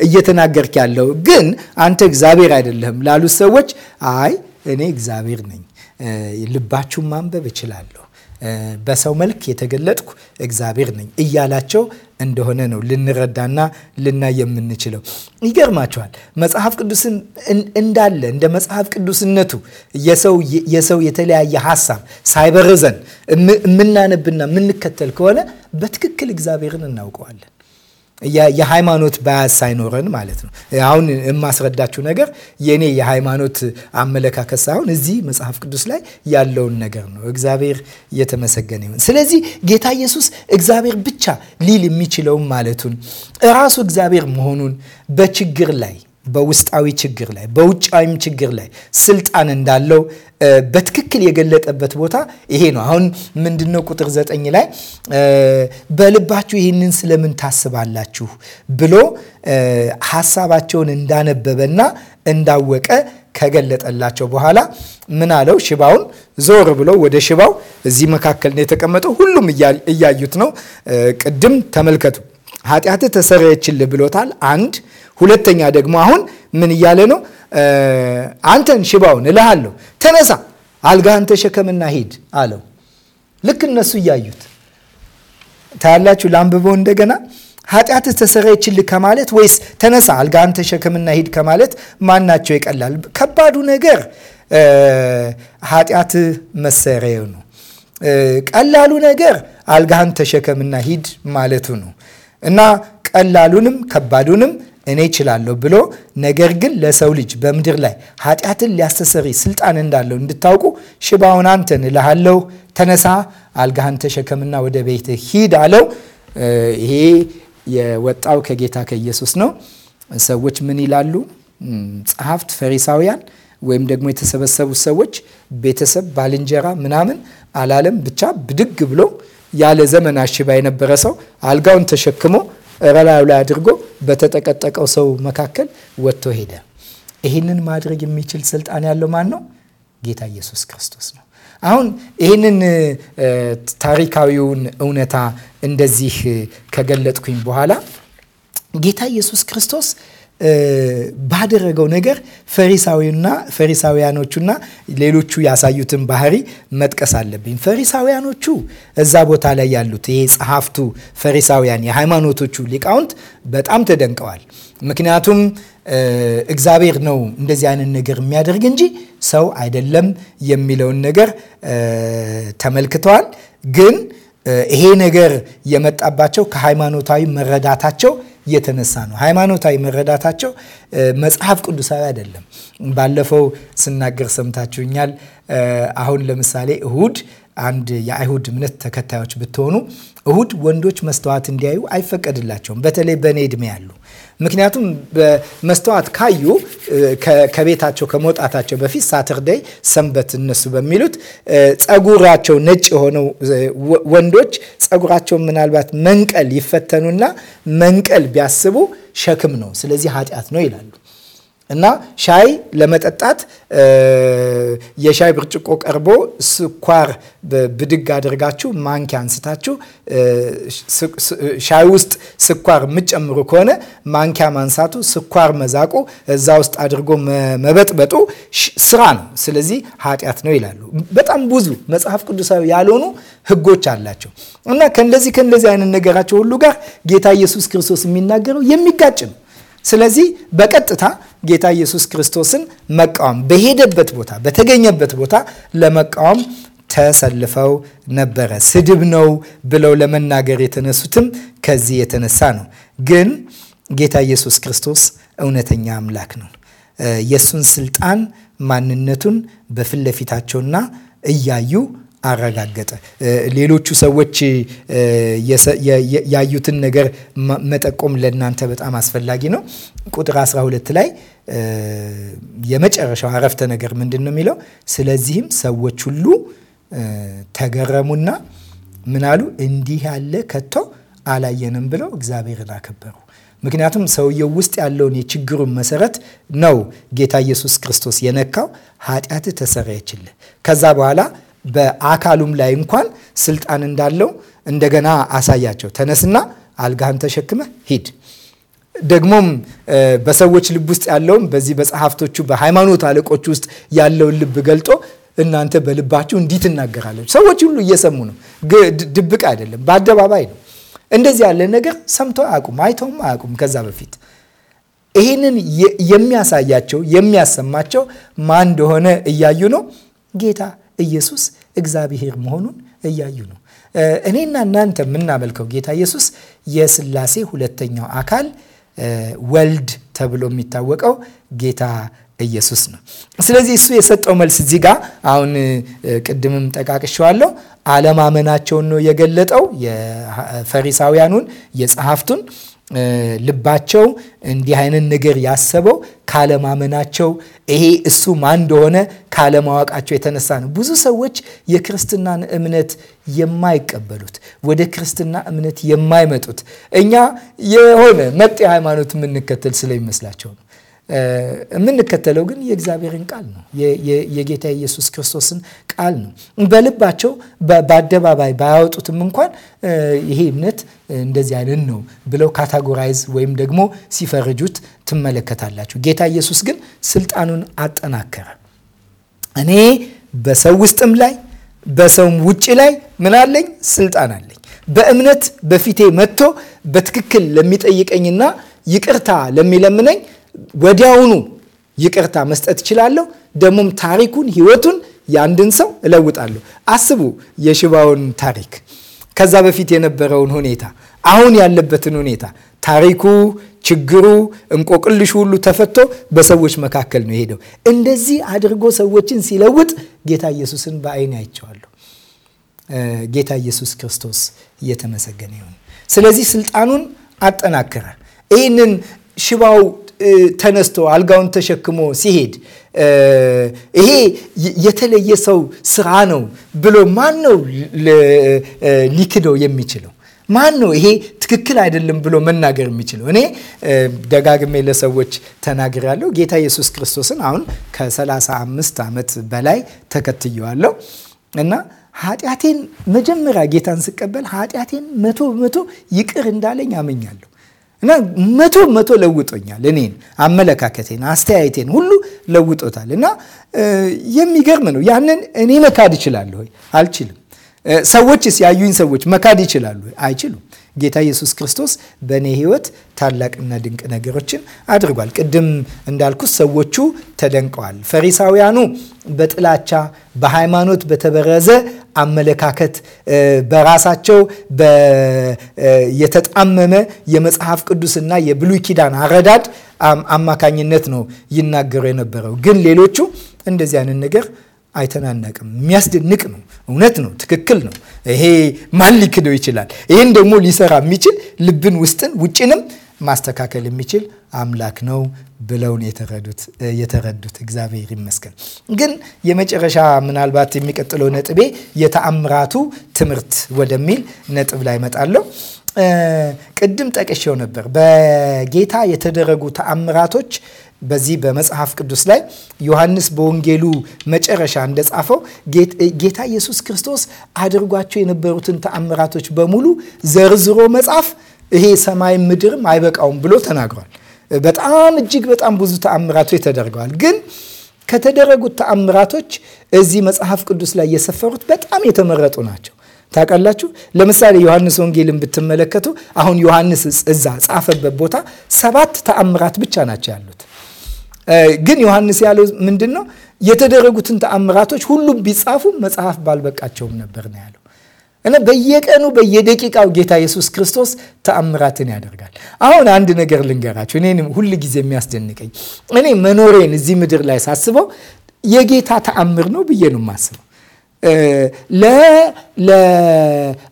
እየተናገርክ ያለው ግን አንተ እግዚአብሔር አይደለም ላሉት ሰዎች አይ እኔ እግዚአብሔር ነኝ፣ ልባችሁን ማንበብ እችላለሁ በሰው መልክ የተገለጥኩ እግዚአብሔር ነኝ እያላቸው እንደሆነ ነው ልንረዳና ልናይ የምንችለው። ይገርማቸዋል። መጽሐፍ ቅዱስን እንዳለ እንደ መጽሐፍ ቅዱስነቱ የሰው የተለያየ ሀሳብ ሳይበርዘን የምናነብና የምንከተል ከሆነ በትክክል እግዚአብሔርን እናውቀዋለን። የሃይማኖት ባያዝ ሳይኖረን ማለት ነው። አሁን የማስረዳችሁ ነገር የኔ የሃይማኖት አመለካከት ሳይሆን እዚህ መጽሐፍ ቅዱስ ላይ ያለውን ነገር ነው። እግዚአብሔር እየተመሰገነ ይሁን። ስለዚህ ጌታ ኢየሱስ እግዚአብሔር ብቻ ሊል የሚችለውን ማለቱን እራሱ እግዚአብሔር መሆኑን በችግር ላይ በውስጣዊ ችግር ላይ በውጫዊም ችግር ላይ ስልጣን እንዳለው በትክክል የገለጠበት ቦታ ይሄ ነው። አሁን ምንድነው ቁጥር ዘጠኝ ላይ በልባችሁ ይህንን ስለምን ታስባላችሁ ብሎ ሀሳባቸውን እንዳነበበና እንዳወቀ ከገለጠላቸው በኋላ ምን አለው? ሽባውን ዞር ብሎ ወደ ሽባው እዚህ መካከል ነው የተቀመጠው። ሁሉም እያዩት ነው። ቅድም ተመልከቱ። ኃጢአት ተሰረየችልህ ብሎታል። አንድ ሁለተኛ ደግሞ አሁን ምን እያለ ነው? አንተን ሽባውን እልሃለሁ ተነሳ፣ አልጋህን ተሸከምና ሂድ አለው። ልክ እነሱ እያዩት ታያላችሁ። ላንብበው እንደገና ኃጢአት ተሰረየችልህ ከማለት ወይስ ተነሳ አልጋህን ተሸከምና ሂድ ከማለት ማናቸው ይቀላል? ከባዱ ነገር ኃጢአት መሰረየው ነው። ቀላሉ ነገር አልጋህን ተሸከምና ሂድ ማለቱ ነው እና ቀላሉንም ከባዱንም እኔ እችላለሁ ብሎ ነገር ግን ለሰው ልጅ በምድር ላይ ኃጢአትን ሊያስተሰሪ ስልጣን እንዳለው እንድታውቁ ሽባውን አንተን እልሃለሁ፣ ተነሳ፣ አልጋህን ተሸከምና ወደ ቤት ሂድ አለው። ይሄ የወጣው ከጌታ ከኢየሱስ ነው። ሰዎች ምን ይላሉ? ጸሐፍት፣ ፈሪሳውያን ወይም ደግሞ የተሰበሰቡ ሰዎች ቤተሰብ፣ ባልንጀራ ምናምን አላለም። ብቻ ብድግ ብሎ ያለ ዘመን አሽባ የነበረ ሰው አልጋውን ተሸክሞ እላዩ ላይ አድርጎ በተጠቀጠቀው ሰው መካከል ወጥቶ ሄደ። ይህንን ማድረግ የሚችል ስልጣን ያለው ማን ነው? ጌታ ኢየሱስ ክርስቶስ ነው። አሁን ይህንን ታሪካዊውን እውነታ እንደዚህ ከገለጥኩኝ በኋላ ጌታ ኢየሱስ ክርስቶስ ባደረገው ነገር ፈሪሳዊና ፈሪሳውያኖቹና ሌሎቹ ያሳዩትን ባህሪ መጥቀስ አለብኝ። ፈሪሳውያኖቹ እዛ ቦታ ላይ ያሉት ይሄ ጸሐፍቱ ፈሪሳውያን የሃይማኖቶቹ ሊቃውንት በጣም ተደንቀዋል። ምክንያቱም እግዚአብሔር ነው እንደዚህ አይነት ነገር የሚያደርግ እንጂ ሰው አይደለም የሚለውን ነገር ተመልክተዋል። ግን ይሄ ነገር የመጣባቸው ከሃይማኖታዊ መረዳታቸው የተነሳ ነው። ሃይማኖታዊ መረዳታቸው መጽሐፍ ቅዱሳዊ አይደለም። ባለፈው ስናገር ሰምታችሁኛል። አሁን ለምሳሌ እሁድ አንድ የአይሁድ እምነት ተከታዮች ብትሆኑ እሁድ ወንዶች መስተዋት እንዲያዩ አይፈቀድላቸውም። በተለይ በእኔ እድሜ ያሉ ምክንያቱም መስተዋት ካዩ ከቤታቸው ከመውጣታቸው በፊት ሳተርደይ ሰንበት እነሱ በሚሉት ጸጉራቸው ነጭ የሆነው ወንዶች ጸጉራቸው ምናልባት መንቀል ይፈተኑና መንቀል ቢያስቡ ሸክም ነው፣ ስለዚህ ኃጢአት ነው ይላሉ። እና ሻይ ለመጠጣት የሻይ ብርጭቆ ቀርቦ ስኳር ብድግ አድርጋችሁ ማንኪያ አንስታችሁ ሻይ ውስጥ ስኳር የምትጨምሩ ከሆነ ማንኪያ ማንሳቱ፣ ስኳር መዛቁ፣ እዛ ውስጥ አድርጎ መበጥበጡ ስራ ነው። ስለዚህ ኃጢአት ነው ይላሉ። በጣም ብዙ መጽሐፍ ቅዱሳዊ ያልሆኑ ህጎች አላቸው እና ከእንደዚህ ከእንደዚህ አይነት ነገራቸው ሁሉ ጋር ጌታ ኢየሱስ ክርስቶስ የሚናገረው የሚጋጭ ነው። ስለዚህ በቀጥታ ጌታ ኢየሱስ ክርስቶስን መቃወም በሄደበት ቦታ በተገኘበት ቦታ ለመቃወም ተሰልፈው ነበረ። ስድብ ነው ብለው ለመናገር የተነሱትም ከዚህ የተነሳ ነው። ግን ጌታ ኢየሱስ ክርስቶስ እውነተኛ አምላክ ነው። የእሱን ስልጣን ማንነቱን በፊት ለፊታቸውና እያዩ አረጋገጠ። ሌሎቹ ሰዎች ያዩትን ነገር መጠቆም ለእናንተ በጣም አስፈላጊ ነው። ቁጥር 12 ላይ የመጨረሻው አረፍተ ነገር ምንድን ነው የሚለው? ስለዚህም ሰዎች ሁሉ ተገረሙና ምናሉ እንዲህ ያለ ከቶ አላየንም ብለው እግዚአብሔርን አከበሩ። ምክንያቱም ሰውየው ውስጥ ያለውን የችግሩን መሰረት ነው ጌታ ኢየሱስ ክርስቶስ የነካው። ተሰራ ተሰረየችልህ ከዛ በኋላ በአካሉም ላይ እንኳን ስልጣን እንዳለው እንደገና አሳያቸው። ተነስና አልጋህን ተሸክመ ሂድ። ደግሞም በሰዎች ልብ ውስጥ ያለውም በዚህ በጸሐፍቶቹ በሃይማኖት አለቆች ውስጥ ያለውን ልብ ገልጦ እናንተ በልባችሁ እንዲህ ትናገራለች። ሰዎች ሁሉ እየሰሙ ነው። ድብቅ አይደለም፣ በአደባባይ ነው። እንደዚህ ያለ ነገር ሰምተው አያውቁም፣ አይተውም አያውቁም ከዛ በፊት ይህንን የሚያሳያቸው የሚያሰማቸው ማን እንደሆነ እያዩ ነው። ጌታ ኢየሱስ እግዚአብሔር መሆኑን እያዩ ነው። እኔና እናንተ የምናመልከው ጌታ ኢየሱስ የስላሴ ሁለተኛው አካል ወልድ ተብሎ የሚታወቀው ጌታ ኢየሱስ ነው። ስለዚህ እሱ የሰጠው መልስ እዚህ ጋር አሁን ቅድምም ጠቃቅሸዋለሁ። አለማመናቸውን ነው የገለጠው የፈሪሳውያኑን የጸሐፍቱን ልባቸው እንዲህ አይነት ነገር ያሰበው ካለማመናቸው ይሄ እሱ ማን እንደሆነ ካለማወቃቸው የተነሳ ነው። ብዙ ሰዎች የክርስትናን እምነት የማይቀበሉት ወደ ክርስትና እምነት የማይመጡት እኛ የሆነ መጤ ሃይማኖት የምንከተል ስለሚመስላቸው ነው። የምንከተለው ግን የእግዚአብሔርን ቃል ነው። የጌታ ኢየሱስ ክርስቶስን ቃል ነው። በልባቸው በአደባባይ ባያወጡትም እንኳን ይሄ እምነት እንደዚህ አይነት ነው ብለው ካታጎራይዝ ወይም ደግሞ ሲፈርጁት ትመለከታላችሁ። ጌታ ኢየሱስ ግን ስልጣኑን አጠናከረ። እኔ በሰው ውስጥም ላይ በሰውም ውጭ ላይ ምን አለኝ? ስልጣን አለኝ። በእምነት በፊቴ መጥቶ በትክክል ለሚጠይቀኝና ይቅርታ ለሚለምነኝ ወዲያውኑ ይቅርታ መስጠት እችላለሁ። ደግሞም ታሪኩን፣ ህይወቱን የአንድን ሰው እለውጣለሁ። አስቡ የሽባውን ታሪክ፣ ከዛ በፊት የነበረውን ሁኔታ፣ አሁን ያለበትን ሁኔታ፣ ታሪኩ፣ ችግሩ፣ እንቆቅልሹ ሁሉ ተፈቶ በሰዎች መካከል ነው የሄደው። እንደዚህ አድርጎ ሰዎችን ሲለውጥ ጌታ ኢየሱስን በአይን አይቼዋለሁ። ጌታ ኢየሱስ ክርስቶስ እየተመሰገነ ይሁን። ስለዚህ ስልጣኑን አጠናከረ። ይህንን ሽባው ተነስቶ አልጋውን ተሸክሞ ሲሄድ ይሄ የተለየ ሰው ስራ ነው ብሎ ማን ነው ሊክደው የሚችለው? ማን ነው ይሄ ትክክል አይደለም ብሎ መናገር የሚችለው? እኔ ደጋግሜ ለሰዎች ተናግራለሁ። ጌታ ኢየሱስ ክርስቶስን አሁን ከ35 ዓመት በላይ ተከትየዋለሁ እና ኃጢአቴን መጀመሪያ ጌታን ስቀበል ኃጢአቴን መቶ በመቶ ይቅር እንዳለኝ አመኛለሁ። እና መቶ መቶ ለውጦኛል። እኔን አመለካከቴን፣ አስተያየቴን ሁሉ ለውጦታል። እና የሚገርም ነው። ያንን እኔ መካድ እችላለሁ? አልችልም። ሰዎችስ ያዩኝ ሰዎች መካድ ይችላሉ? አይችሉም። ጌታ ኢየሱስ ክርስቶስ በእኔ ሕይወት ታላቅና ድንቅ ነገሮችን አድርጓል። ቅድም እንዳልኩት ሰዎቹ ተደንቀዋል። ፈሪሳውያኑ በጥላቻ በሃይማኖት በተበረዘ አመለካከት በራሳቸው የተጣመመ የመጽሐፍ ቅዱስና የብሉይ ኪዳን አረዳድ አማካኝነት ነው ይናገሩ የነበረው። ግን ሌሎቹ እንደዚህ አይነት ነገር አይተናነቅም። የሚያስደንቅ ነው። እውነት ነው። ትክክል ነው። ይሄ ማን ሊክደው ይችላል? ይህን ደግሞ ሊሰራ የሚችል ልብን ውስጥን ውጭንም ማስተካከል የሚችል አምላክ ነው ብለውን የተረዱት የተረዱት እግዚአብሔር ይመስገን። ግን የመጨረሻ ምናልባት የሚቀጥለው ነጥቤ የተአምራቱ ትምህርት ወደሚል ነጥብ ላይ መጣለሁ። ቅድም ጠቅሼው ነበር። በጌታ የተደረጉ ተአምራቶች በዚህ በመጽሐፍ ቅዱስ ላይ ዮሐንስ በወንጌሉ መጨረሻ እንደጻፈው ጌታ ኢየሱስ ክርስቶስ አድርጓቸው የነበሩትን ተአምራቶች በሙሉ ዘርዝሮ መጽሐፍ ይሄ ሰማይ ምድርም አይበቃውም ብሎ ተናግሯል። በጣም እጅግ በጣም ብዙ ተአምራቶች ተደርገዋል። ግን ከተደረጉት ተአምራቶች እዚህ መጽሐፍ ቅዱስ ላይ የሰፈሩት በጣም የተመረጡ ናቸው። ታውቃላችሁ፣ ለምሳሌ ዮሐንስ ወንጌልን ብትመለከቱ አሁን ዮሐንስ እዛ ጻፈበት ቦታ ሰባት ተአምራት ብቻ ናቸው ያሉት። ግን ዮሐንስ ያለው ምንድን ነው? የተደረጉትን ተአምራቶች ሁሉም ቢጻፉ መጽሐፍ ባልበቃቸውም ነበር ነው ያለው። እና በየቀኑ በየደቂቃው ጌታ ኢየሱስ ክርስቶስ ተአምራትን ያደርጋል። አሁን አንድ ነገር ልንገራችሁ፣ እኔ ሁል ጊዜ የሚያስደንቀኝ እኔ መኖሬን እዚህ ምድር ላይ ሳስበው የጌታ ተአምር ነው ብዬ ነው የማስበው።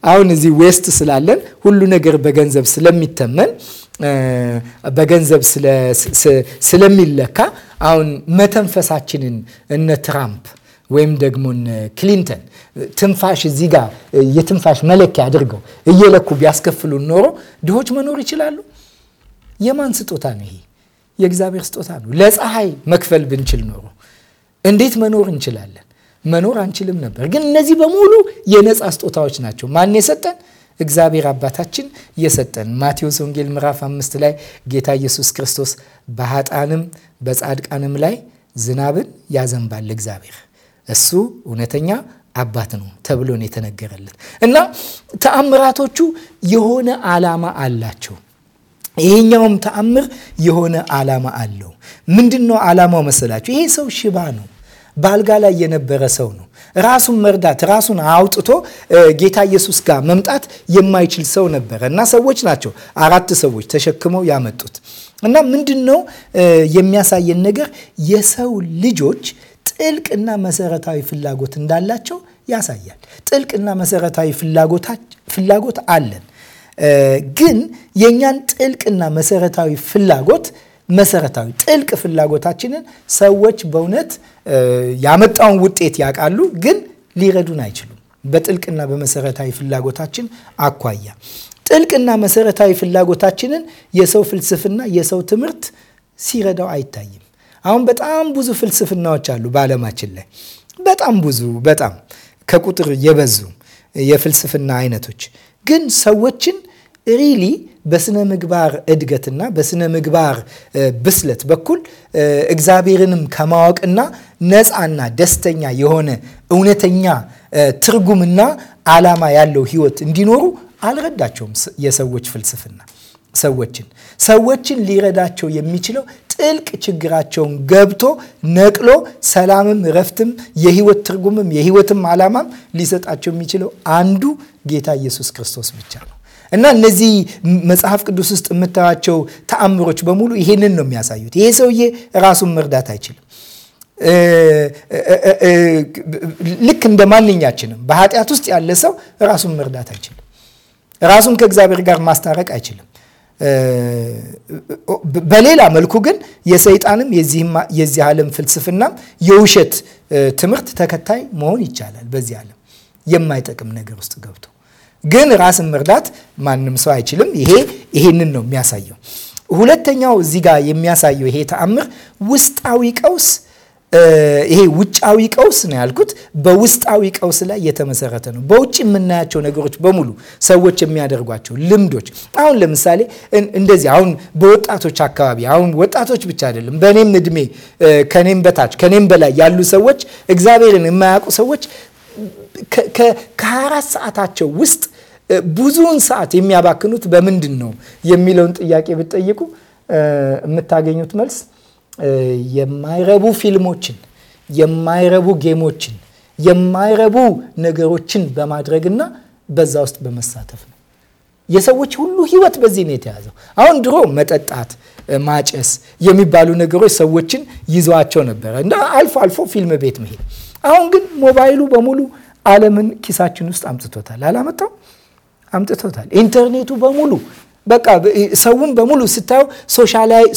አሁን እዚህ ዌስት ስላለን ሁሉ ነገር በገንዘብ ስለሚተመን በገንዘብ ስለሚለካ አሁን መተንፈሳችንን እነ ትራምፕ ወይም ደግሞ ክሊንተን ትንፋሽ እዚህ ጋር የትንፋሽ መለኪያ አድርገው እየለኩ ቢያስከፍሉን ኖሮ ድሆች መኖር ይችላሉ። የማን ስጦታ ነው ይሄ? የእግዚአብሔር ስጦታ ነው። ለፀሐይ መክፈል ብንችል ኖሮ እንዴት መኖር እንችላለን? መኖር አንችልም ነበር። ግን እነዚህ በሙሉ የነፃ ስጦታዎች ናቸው። ማን የሰጠን? እግዚአብሔር አባታችን የሰጠን። ማቴዎስ ወንጌል ምዕራፍ አምስት ላይ ጌታ ኢየሱስ ክርስቶስ በሀጣንም በጻድቃንም ላይ ዝናብን ያዘንባል እግዚአብሔር እሱ እውነተኛ አባት ነው ተብሎ ነው የተነገረለት እና ተአምራቶቹ የሆነ ዓላማ አላቸው። ይሄኛውም ተአምር የሆነ ዓላማ አለው። ምንድን ነው ዓላማው መሰላቸው? ይሄ ሰው ሽባ ነው። በአልጋ ላይ የነበረ ሰው ነው። ራሱን መርዳት ራሱን አውጥቶ ጌታ ኢየሱስ ጋር መምጣት የማይችል ሰው ነበረ እና ሰዎች ናቸው አራት ሰዎች ተሸክመው ያመጡት እና ምንድን ነው የሚያሳየን ነገር የሰው ልጆች ጥልቅና መሰረታዊ ፍላጎት እንዳላቸው ያሳያል። ጥልቅና መሰረታዊ ፍላጎት አለን። ግን የእኛን ጥልቅና መሰረታዊ ፍላጎት መሰረታዊ ጥልቅ ፍላጎታችንን ሰዎች በእውነት ያመጣውን ውጤት ያውቃሉ፣ ግን ሊረዱን አይችሉም። በጥልቅና በመሰረታዊ ፍላጎታችን አኳያ ጥልቅና መሰረታዊ ፍላጎታችንን የሰው ፍልስፍና፣ የሰው ትምህርት ሲረዳው አይታይም። አሁን በጣም ብዙ ፍልስፍናዎች አሉ በዓለማችን ላይ በጣም ብዙ በጣም ከቁጥር የበዙ የፍልስፍና አይነቶች ግን ሰዎችን ሪሊ በስነ ምግባር እድገትና በስነ ምግባር ብስለት በኩል እግዚአብሔርንም ከማወቅና ነፃና ደስተኛ የሆነ እውነተኛ ትርጉምና ዓላማ ያለው ህይወት እንዲኖሩ አልረዳቸውም። የሰዎች ፍልስፍና ሰዎችን ሰዎችን ሊረዳቸው የሚችለው ጥልቅ ችግራቸውን ገብቶ ነቅሎ ሰላምም እረፍትም የህይወት ትርጉምም የህይወትም ዓላማም ሊሰጣቸው የሚችለው አንዱ ጌታ ኢየሱስ ክርስቶስ ብቻ ነው እና እነዚህ መጽሐፍ ቅዱስ ውስጥ የምታያቸው ተአምሮች በሙሉ ይሄንን ነው የሚያሳዩት። ይሄ ሰውዬ ራሱን መርዳት አይችልም። ልክ እንደ ማንኛችንም በኃጢአት ውስጥ ያለ ሰው ራሱን መርዳት አይችልም። ራሱን ከእግዚአብሔር ጋር ማስታረቅ አይችልም። በሌላ መልኩ ግን የሰይጣንም የዚህ ዓለም ፍልስፍናም የውሸት ትምህርት ተከታይ መሆን ይቻላል። በዚህ ዓለም የማይጠቅም ነገር ውስጥ ገብቶ ግን ራስን መርዳት ማንም ሰው አይችልም። ይሄ ይሄንን ነው የሚያሳየው። ሁለተኛው እዚህ ጋር የሚያሳየው ይሄ ተአምር ውስጣዊ ቀውስ ይሄ ውጫዊ ቀውስ ነው ያልኩት፣ በውስጣዊ ቀውስ ላይ የተመሰረተ ነው። በውጭ የምናያቸው ነገሮች በሙሉ ሰዎች የሚያደርጓቸው ልምዶች፣ አሁን ለምሳሌ እንደዚህ አሁን በወጣቶች አካባቢ አሁን ወጣቶች ብቻ አይደለም፣ በእኔም እድሜ ከኔም በታች ከኔም በላይ ያሉ ሰዎች እግዚአብሔርን የማያውቁ ሰዎች ከ24 ሰዓታቸው ውስጥ ብዙውን ሰዓት የሚያባክኑት በምንድን ነው የሚለውን ጥያቄ ብትጠይቁ የምታገኙት መልስ የማይረቡ ፊልሞችን፣ የማይረቡ ጌሞችን፣ የማይረቡ ነገሮችን በማድረግና በዛ ውስጥ በመሳተፍ ነው። የሰዎች ሁሉ ህይወት በዚህ ነው የተያዘው። አሁን ድሮ መጠጣት፣ ማጨስ የሚባሉ ነገሮች ሰዎችን ይዘዋቸው ነበረ እና አልፎ አልፎ ፊልም ቤት መሄድ። አሁን ግን ሞባይሉ በሙሉ ዓለምን ኪሳችን ውስጥ አምጥቶታል። አላመጣው? አምጥቶታል። ኢንተርኔቱ በሙሉ በቃ ሰውን በሙሉ ስታየው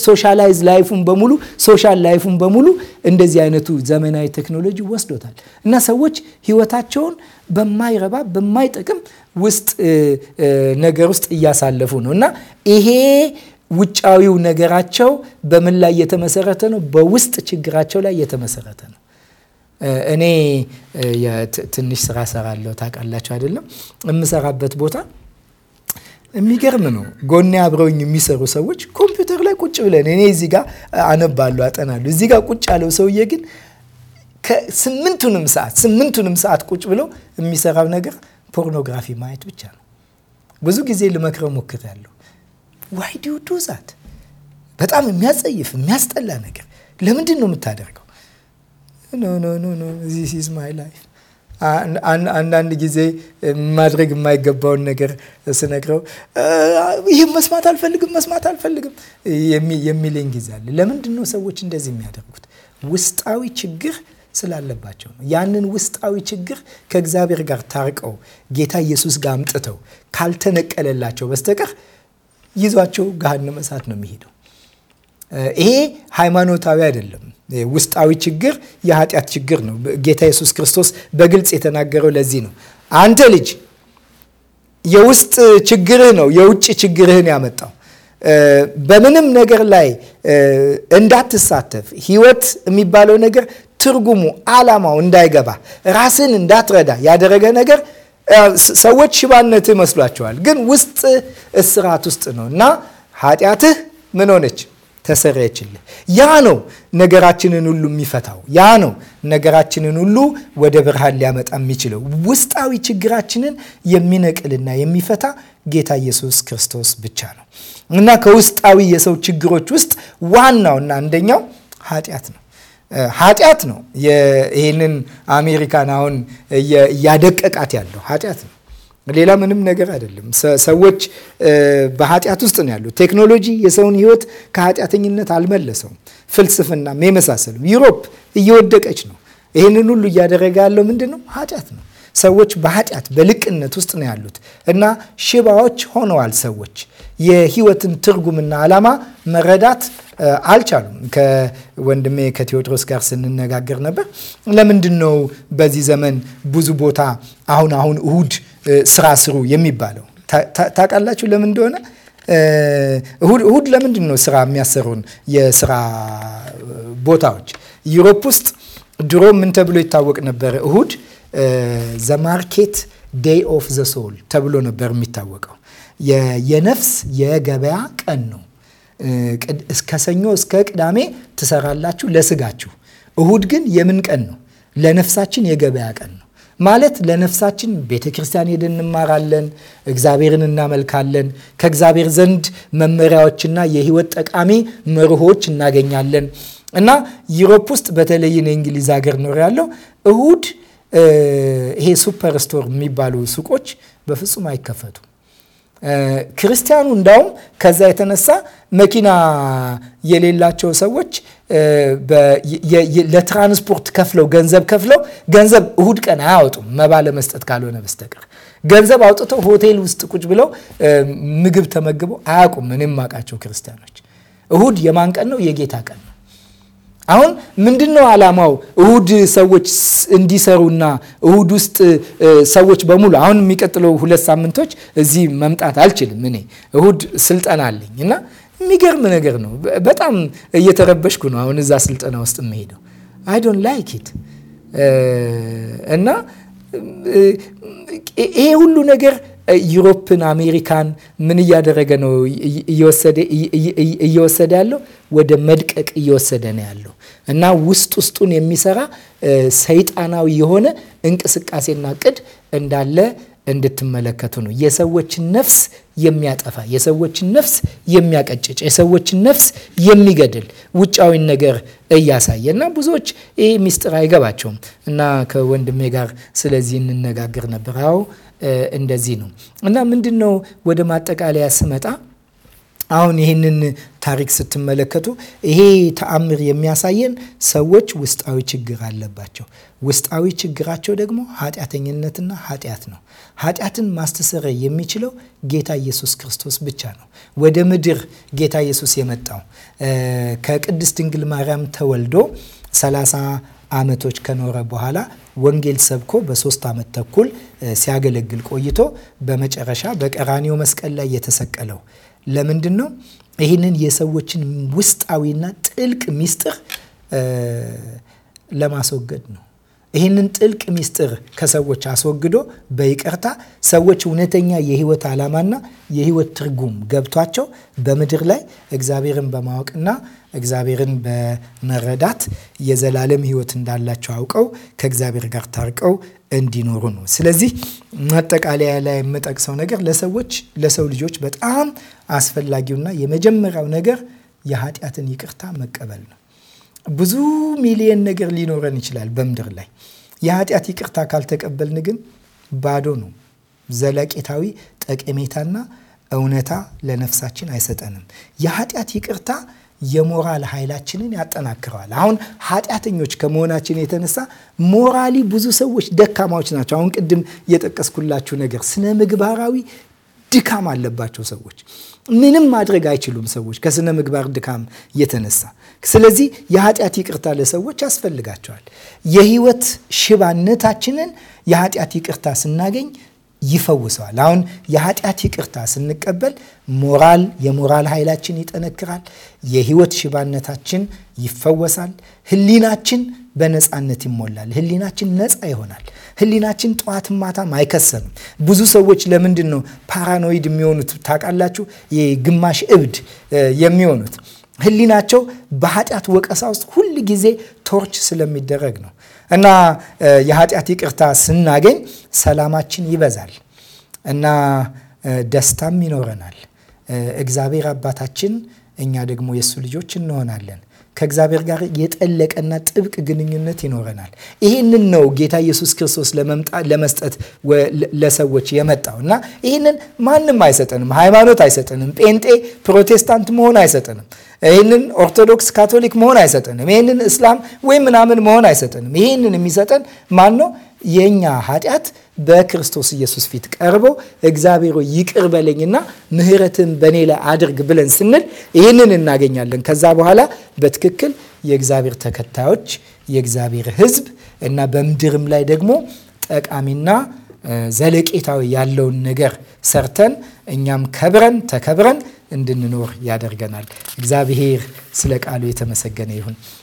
ሶሻላይዝ ላይፉን በሙሉ ሶሻል ላይፉን በሙሉ እንደዚህ አይነቱ ዘመናዊ ቴክኖሎጂ ወስዶታል እና ሰዎች ህይወታቸውን በማይረባ በማይጠቅም ውስጥ ነገር ውስጥ እያሳለፉ ነው እና ይሄ ውጫዊው ነገራቸው በምን ላይ የተመሰረተ ነው? በውስጥ ችግራቸው ላይ የተመሰረተ ነው። እኔ ትንሽ ስራ ሰራለሁ ታውቃላችሁ አይደለም? የምሰራበት ቦታ የሚገርም ነው። ጎኔ አብረውኝ የሚሰሩ ሰዎች ኮምፒውተር ላይ ቁጭ ብለን እኔ እዚህ ጋር አነባለሁ፣ አጠናለሁ። እዚህ ጋር ቁጭ ያለው ሰውዬ ግን ከስምንቱንም ሰዓት ስምንቱንም ሰዓት ቁጭ ብሎ የሚሰራው ነገር ፖርኖግራፊ ማየት ብቻ ነው። ብዙ ጊዜ ልመክረው ሞክሬያለሁ። ዋይ ዲዩ ዱ ዛት በጣም የሚያጸይፍ የሚያስጠላ ነገር ለምንድን ነው የምታደርገው? ኖ ኖ ኖ ዚስ ኢዝ ማይ ላይፍ አንዳንድ ጊዜ ማድረግ የማይገባውን ነገር ስነግረው ይህ መስማት አልፈልግም መስማት አልፈልግም የሚለኝ ጊዜ አለ። ለምንድን ነው ሰዎች እንደዚህ የሚያደርጉት? ውስጣዊ ችግር ስላለባቸው ነው። ያንን ውስጣዊ ችግር ከእግዚአብሔር ጋር ታርቀው ጌታ ኢየሱስ ጋር አምጥተው ካልተነቀለላቸው በስተቀር ይዟቸው ገሃነመ እሳት ነው የሚሄደው። ይሄ ሃይማኖታዊ አይደለም። ውስጣዊ ችግር የኃጢአት ችግር ነው። ጌታ ኢየሱስ ክርስቶስ በግልጽ የተናገረው ለዚህ ነው። አንተ ልጅ የውስጥ ችግርህ ነው የውጭ ችግርህን ያመጣው። በምንም ነገር ላይ እንዳትሳተፍ ህይወት የሚባለው ነገር ትርጉሙ አላማው እንዳይገባ ራስን እንዳትረዳ ያደረገ ነገር ሰዎች ሽባነትህ መስሏቸዋል፣ ግን ውስጥ እስራት ውስጥ ነው እና ኃጢአትህ ምን ሆነች? ተሰረየችልህ። ያ ነው ነገራችንን ሁሉ የሚፈታው። ያ ነው ነገራችንን ሁሉ ወደ ብርሃን ሊያመጣ የሚችለው። ውስጣዊ ችግራችንን የሚነቅልና የሚፈታ ጌታ ኢየሱስ ክርስቶስ ብቻ ነው እና ከውስጣዊ የሰው ችግሮች ውስጥ ዋናውና አንደኛው ኃጢአት ነው። ኃጢአት ነው። ይህንን አሜሪካን አሁን እያደቀቃት ያለው ኃጢአት ነው። ሌላ ምንም ነገር አይደለም። ሰዎች በኃጢአት ውስጥ ነው ያሉት። ቴክኖሎጂ የሰውን ህይወት ከኃጢአተኝነት አልመለሰውም። ፍልስፍና የመሳሰሉ ዩሮፕ እየወደቀች ነው። ይህንን ሁሉ እያደረገ ያለው ምንድን ነው? ኃጢአት ነው። ሰዎች በኃጢአት በልቅነት ውስጥ ነው ያሉት እና ሽባዎች ሆነዋል። ሰዎች የህይወትን ትርጉምና ዓላማ መረዳት አልቻሉም። ከወንድሜ ከቴዎድሮስ ጋር ስንነጋገር ነበር። ለምንድን ነው በዚህ ዘመን ብዙ ቦታ አሁን አሁን እሁድ ስራ ስሩ የሚባለው ታውቃላችሁ ለምን እንደሆነ? እሁድ እሁድ ለምንድን ነው ስራ የሚያሰሩን የስራ ቦታዎች? ዩሮፕ ውስጥ ድሮ ምን ተብሎ ይታወቅ ነበር? እሁድ ዘ ማርኬት ዴይ ኦፍ ዘ ሶል ተብሎ ነበር የሚታወቀው። የነፍስ የገበያ ቀን ነው። ከሰኞ እስከ ቅዳሜ ትሰራላችሁ ለስጋችሁ። እሁድ ግን የምን ቀን ነው? ለነፍሳችን የገበያ ቀን ነው። ማለት ለነፍሳችን ቤተ ክርስቲያን ሄደን እንማራለን፣ እግዚአብሔርን እናመልካለን፣ ከእግዚአብሔር ዘንድ መመሪያዎችና የህይወት ጠቃሚ መርሆች እናገኛለን እና ዩሮፕ ውስጥ በተለይ እንግሊዝ ሀገር ኖር ያለው እሁድ ይሄ ሱፐር ስቶር የሚባሉ ሱቆች በፍጹም አይከፈቱም። ክርስቲያኑ እንዳውም ከዛ የተነሳ መኪና የሌላቸው ሰዎች ለትራንስፖርት ከፍለው ገንዘብ ከፍለው ገንዘብ እሁድ ቀን አያወጡም፣ መባ ለመስጠት ካልሆነ በስተቀር ገንዘብ አውጥተው ሆቴል ውስጥ ቁጭ ብለው ምግብ ተመግበው አያውቁም። እኔም ማውቃቸው ክርስቲያኖች እሁድ የማን ቀን ነው? የጌታ ቀን አሁን ምንድን ነው ዓላማው? እሁድ ሰዎች እንዲሰሩና እሁድ ውስጥ ሰዎች በሙሉ አሁን የሚቀጥለው ሁለት ሳምንቶች እዚህ መምጣት አልችልም እኔ እሁድ ስልጠና አለኝ እና የሚገርም ነገር ነው። በጣም እየተረበሽኩ ነው አሁን እዛ ስልጠና ውስጥ የምሄደው አይ ዶንት ላይክ ኢት እና ይሄ ሁሉ ነገር ዩሮፕን፣ አሜሪካን ምን እያደረገ ነው እየወሰደ ያለው? ወደ መድቀቅ እየወሰደ ነው ያለው እና ውስጥ ውስጡን የሚሰራ ሰይጣናዊ የሆነ እንቅስቃሴና ቅድ እንዳለ እንድትመለከቱ ነው። የሰዎችን ነፍስ የሚያጠፋ የሰዎችን ነፍስ የሚያቀጭጭ የሰዎችን ነፍስ የሚገድል ውጫዊን ነገር እያሳየ እና ብዙዎች ይህ ሚስጥር አይገባቸውም እና ከወንድሜ ጋር ስለዚህ እንነጋገር ነበር። አዎ እንደዚህ ነው እና ምንድን ነው ወደ ማጠቃለያ ስመጣ አሁን ይህንን ታሪክ ስትመለከቱ ይሄ ተአምር የሚያሳየን ሰዎች ውስጣዊ ችግር አለባቸው። ውስጣዊ ችግራቸው ደግሞ ኃጢአተኝነትና ኃጢአት ነው። ኃጢአትን ማስተሰረ የሚችለው ጌታ ኢየሱስ ክርስቶስ ብቻ ነው። ወደ ምድር ጌታ ኢየሱስ የመጣው ከቅድስት ድንግል ማርያም ተወልዶ 30 ዓመቶች ከኖረ በኋላ ወንጌል ሰብኮ በሶስት ዓመት ተኩል ሲያገለግል ቆይቶ በመጨረሻ በቀራኒው መስቀል ላይ የተሰቀለው ለምንድን ነው ይህንን የሰዎችን ውስጣዊና ጥልቅ ሚስጥር ለማስወገድ ነው። ይህንን ጥልቅ ሚስጥር ከሰዎች አስወግዶ በይቅርታ ሰዎች እውነተኛ የህይወት ዓላማና የህይወት ትርጉም ገብቷቸው በምድር ላይ እግዚአብሔርን በማወቅና እግዚአብሔርን በመረዳት የዘላለም ህይወት እንዳላቸው አውቀው ከእግዚአብሔር ጋር ታርቀው እንዲኖሩ ነው። ስለዚህ ማጠቃለያ ላይ የምጠቅሰው ነገር ለሰዎች ለሰው ልጆች በጣም አስፈላጊውና የመጀመሪያው ነገር የኃጢአትን ይቅርታ መቀበል ነው። ብዙ ሚሊየን ነገር ሊኖረን ይችላል በምድር ላይ የኃጢአት ይቅርታ ካልተቀበልን ግን ባዶ ነው። ዘለቄታዊ ጠቀሜታና እውነታ ለነፍሳችን አይሰጠንም። የኃጢአት ይቅርታ የሞራል ኃይላችንን ያጠናክረዋል። አሁን ኃጢአተኞች ከመሆናችን የተነሳ ሞራሊ ብዙ ሰዎች ደካማዎች ናቸው። አሁን ቅድም የጠቀስኩላችሁ ነገር ስነ ምግባራዊ ድካም አለባቸው ሰዎች። ምንም ማድረግ አይችሉም ሰዎች ከስነ ምግባር ድካም የተነሳ። ስለዚህ የኃጢአት ይቅርታ ለሰዎች ያስፈልጋቸዋል። የህይወት ሽባነታችንን የኃጢአት ይቅርታ ስናገኝ ይፈውሰዋል። አሁን የኃጢአት ይቅርታ ስንቀበል ሞራል የሞራል ኃይላችን ይጠነክራል። የህይወት ሽባነታችን ይፈወሳል። ህሊናችን በነፃነት ይሞላል። ህሊናችን ነፃ ይሆናል። ህሊናችን ጠዋት ማታም አይከሰንም። ብዙ ሰዎች ለምንድን ነው ፓራኖይድ የሚሆኑት ታውቃላችሁ? የግማሽ እብድ የሚሆኑት ህሊናቸው በኃጢአት ወቀሳ ውስጥ ሁል ጊዜ ቶርች ስለሚደረግ ነው። እና የኃጢአት ይቅርታ ስናገኝ ሰላማችን ይበዛል እና ደስታም ይኖረናል። እግዚአብሔር አባታችን፣ እኛ ደግሞ የእሱ ልጆች እንሆናለን። ከእግዚአብሔር ጋር የጠለቀና ጥብቅ ግንኙነት ይኖረናል። ይህንን ነው ጌታ ኢየሱስ ክርስቶስ ለመስጠት ለሰዎች የመጣው እና ይህንን ማንም አይሰጠንም። ሃይማኖት አይሰጠንም። ጴንጤ ፕሮቴስታንት መሆን አይሰጠንም። ይህንን ኦርቶዶክስ ካቶሊክ መሆን አይሰጠንም። ይህንን እስላም ወይም ምናምን መሆን አይሰጠንም። ይህንን የሚሰጠን ማን ነው? የእኛ ኃጢአት በክርስቶስ ኢየሱስ ፊት ቀርቦ እግዚአብሔር ይቅር በለኝና ምሕረትን በእኔ ላይ አድርግ ብለን ስንል ይህንን እናገኛለን። ከዛ በኋላ በትክክል የእግዚአብሔር ተከታዮች የእግዚአብሔር ሕዝብ እና በምድርም ላይ ደግሞ ጠቃሚና ዘለቄታዊ ያለውን ነገር ሰርተን እኛም ከብረን ተከብረን እንድንኖር ያደርገናል። እግዚአብሔር ስለ ቃሉ የተመሰገነ ይሁን።